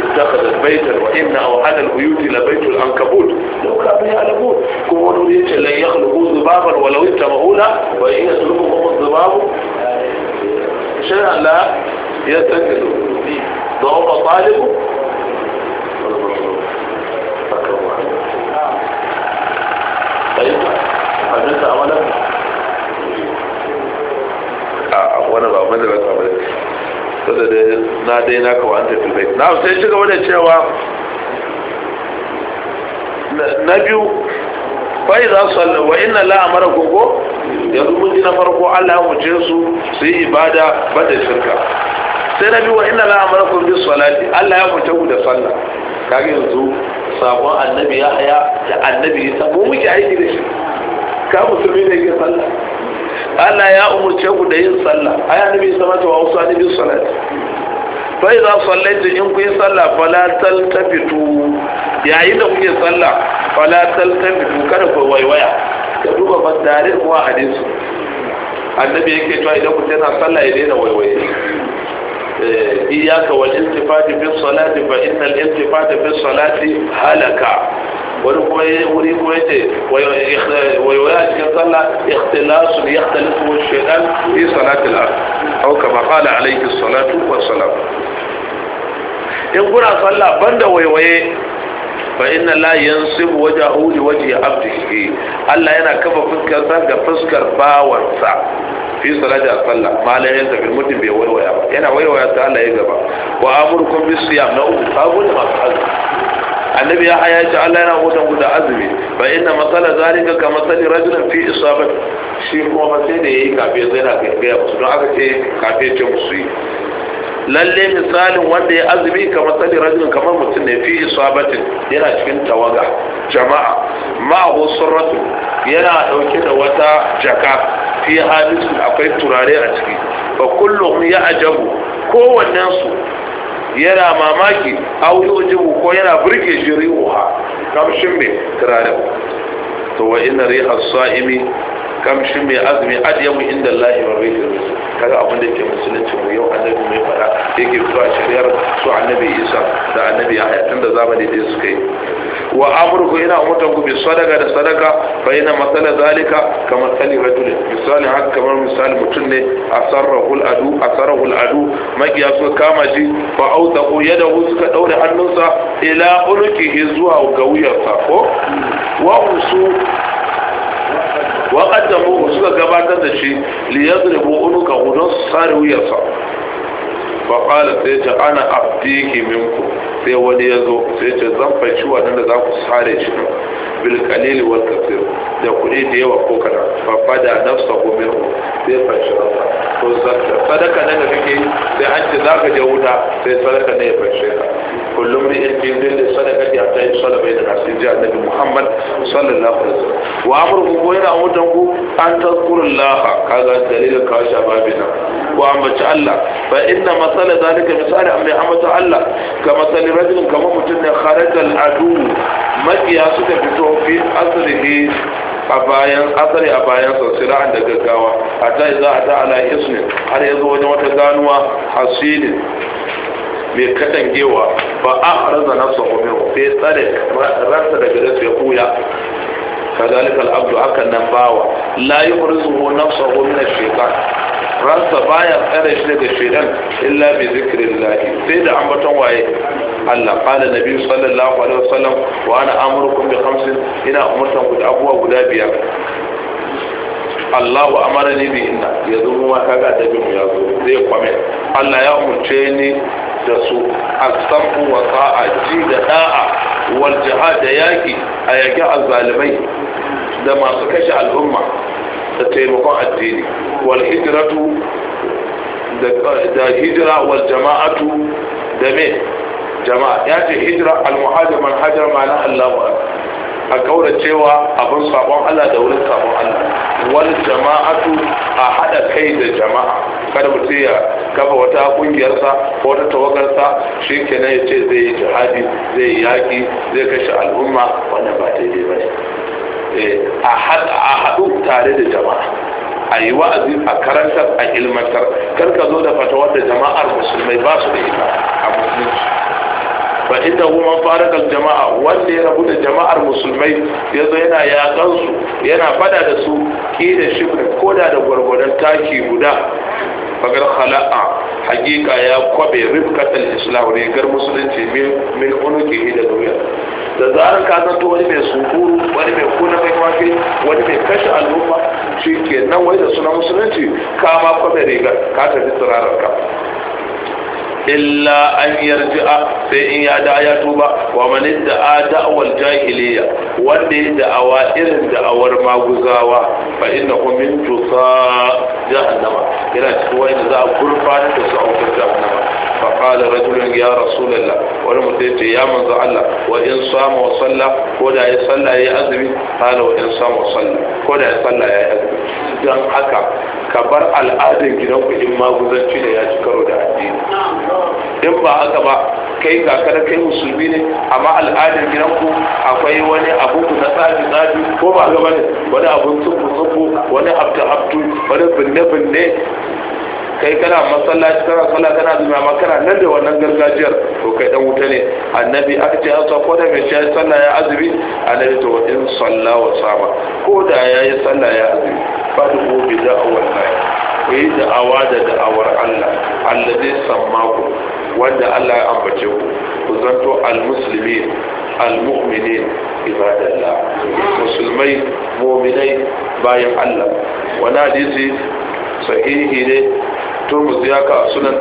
ittakhadhat baytan wa inna awhada albuyut la baytul ankabut law kanu ya'lamun kuma wani yace lan yakhluqu dhubaban wa law ittama'una wa in yaslubuhum adh-dhubab shay'an la yastankidu ضعف طالب fahimta fahimta a wannan a wani ba ne ba saboda na dai na kawo an tafi bai na sai shiga wani cewa na biyu bai za su sallu wa inna la'a amara gogo yanzu mun ji na farko Allah ya wuce su su yi ibada ba da shirka sai na biyu wa inna la amara gogo bi salati Allah ya wuce ku da sallah kage yanzu sabon annabi ya haya da annabi ya mu muke aiki da shi ka musulmi da yake sallah Allah ya umurce ku da yin sallah ay annabi ya samata wa usu annabi salat fa idza sallaitu in ku yi sallah fala taltafitu yayin da kuke sallah fala taltafitu kada ku waiwaya ka duba fadarin wa hadisi annabi yake cewa idan ku tana sallah ya daina waiwaye إياك والالتفات في الصلاة فإن الالتفات في الصلاة هلك ويوجد كذلك اختلاص يختلفه الشيطان في صلاة الأرض أو كما قال عليه الصلاة والسلام يقول صلى بند ويوجد fa inna la yansibu wajahu li wajhi abdihi Allah yana kafa fuskarsa ga fuskar bawansa fi salati sallah malam ya tafi mutum bai waiwaya ba yana waiwaya ta Allah ya gaba wa amurkum bis siyam na uku kago da masu azumi annabi ya haya ce Allah yana hutan ku da azumi fa inna masala zalika ka masali rajulin fi isabati shi kuma fa sai da yayi kafe zai na ga musu don aka ce kafe ce musu yi lalle misalin wanda ya azumi kamar sani rajulun kamar mutum ne fi isabatin yana cikin tawaga jama'a ma'ahu surratu yana dauke da wata jaka fi hadisun akwai turare a ciki fa kullum ya ajabu su, yana mamaki auyo jibu ko yana burge shiri riwuha kamshin mai turare to wa ina riha sa'imi kamshin mai azumi adiyamu inda lahi wa rahmatu kaga abin da ke musulunci mu yau annabi mai fada yake zuwa shari'ar su annabi Isa da annabi Yahya da zamani da suka yi wa amurku ina umurtan ku bi sadaka da sadaka fa ina masala zalika kamar masali rajul misali haka kamar misali mutum ne asarrahu al-adu asarrahu al-adu magiya su kama shi fa yadda yadahu suka daure hannunsa ila ulukihi zuwa ga wuyarsa ko wa musu. wa qaddamu suka gabatar da shi li yadribu unuka don su sare wuyarsa faƙala sai ce ana abdiki minku sai wani ya zo sai ce zan fanshi wannan da za ku sare shi ne bil kalili wal kasir da kuɗi da yawa ko kana fa fada nafsa ko min sai fanshi nafsa to sadaka nan da kake sai an ce za ka je wuta sai sadaka ne ya fanshe ka kullum ne in jin din sadaka ya ta yi salabai da nasin ji annabi muhammad sallallahu alaihi wasallam wa amruhu ko yana mutan ku an tazkurullaha kaga dalilin kawai shi a babina wa ambaci allah fa inna masa مثل ذلك مثال أمي أمة الله كمثل رجل كما متن خرج العدو مكيا ستفتو في أثره a bayan asali a bayan sassira da gaggawa a ta za ala isnin har yanzu wajen wata ganuwa hasilin mai katangewa ba a raza na sahomin sai tsare rasa daga da ya kuya kazalika al'abdu akan nan bawa la yi nafsahu min shaitan ransa baya tsare shi daga shaidan illa bi zikrillah sai da ambaton waye Allah qala nabi sallallahu alaihi wasallam wa ana amurukum bi khamsin ina umurtan ku da abuwa guda biyar Allahu amarani bi inna yanzu mu ma kaga da bin ya zo zai kwame Allah ya umurce ni da su asamu wa ta'a ji da da'a wal jihad da yaki a yaki azzalimai da masu kashe al'umma da taimakon addini wal hijratu da hijira wal jama'atu da me jama'a ya ce hijira al muhajir man hajar ma'ana Allahu a kaura cewa abin sabon Allah da wurin sabon Allah wal jama'atu a hada kai da jama'a kada mutum ya kafa wata kungiyarsa ko wata tawagarsa shi kenan ya ce zai yi jihadi zai yi yaƙi zai kashe al'umma wannan ba daidai ba ne Eh, a haɗu tare da jama'a a yi wa'azi a karantar a ilmantar kar ka zo da fatawar da jama'ar musulmai ba su da ita a musulunci ba ita kuma farakar jama'a wanda ya rabu da jama'ar musulmai ya zo yana yakan su yana fada da su ki da ko da da gwargwadon taki guda fagar khala'a hakika ya kwabe rifkatal islam rigar musulunci min unuki da duniya da zarar ka zanto wani mai sukuru wani mai kuna mai kwafe wani mai kashe al'umma shi ke nan wani da suna musulunci ka ma kwabe rigar ka tafi tsirarar ka إلا أن يرجع في إن يدعى يتوبة ومن ادعى دعوة الجاهلية ودي دعوة إرن دعوة ما قزاوة فإنه من جزاء جهنم إلا سوى إن ذا قربان تسعوك جهنم فقال رجل يا رسول الله wani mutum يا من ya manzo Allah wa in samu wa ko da ya salla ya azumi qala wa in samu wa ko da ya salla ya azumi dan haka ka bar in maguzanci da da addini ba haka ba kai kakar kai musulmi ne amma al'adar gidan ku akwai wani abu ku na tsafi tsafi ko ba gaba ne wani abun tsubu tsubu wani abdu abdu wani binne binne kai kana masallaci kana sallah kana azumi amma kana nan da wannan gargajiyar to kai dan wuta ne annabi aka ce an ko da mai ya sallah ya azumi annabi to in sallah wa sama ko da yayi sallah ya azumi fa dubu bi da'awar lahi ku yi da'awa da da'awar Allah allazi sammaku wanda Allah ya ambace ku ku zanto almuslimin almu'minin ibadallah musulmai mu'minai bayan Allah wani hadisi sahihi ne turmus ya ka sunan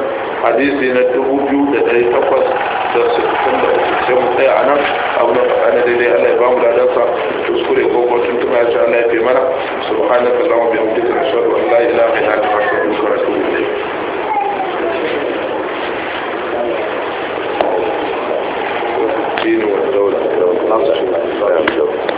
hadisi na 2863 sai mu tsaya a nan abu da faɗa na daidai Allah ya ba mu ladansa kuskure ko kuma tuntuna ya ce Allah ya fi mana subhanaka allahumma bihamdika ashhadu an la ilaha illa anta astaghfiruka wa atubu ilayk الدين والدولة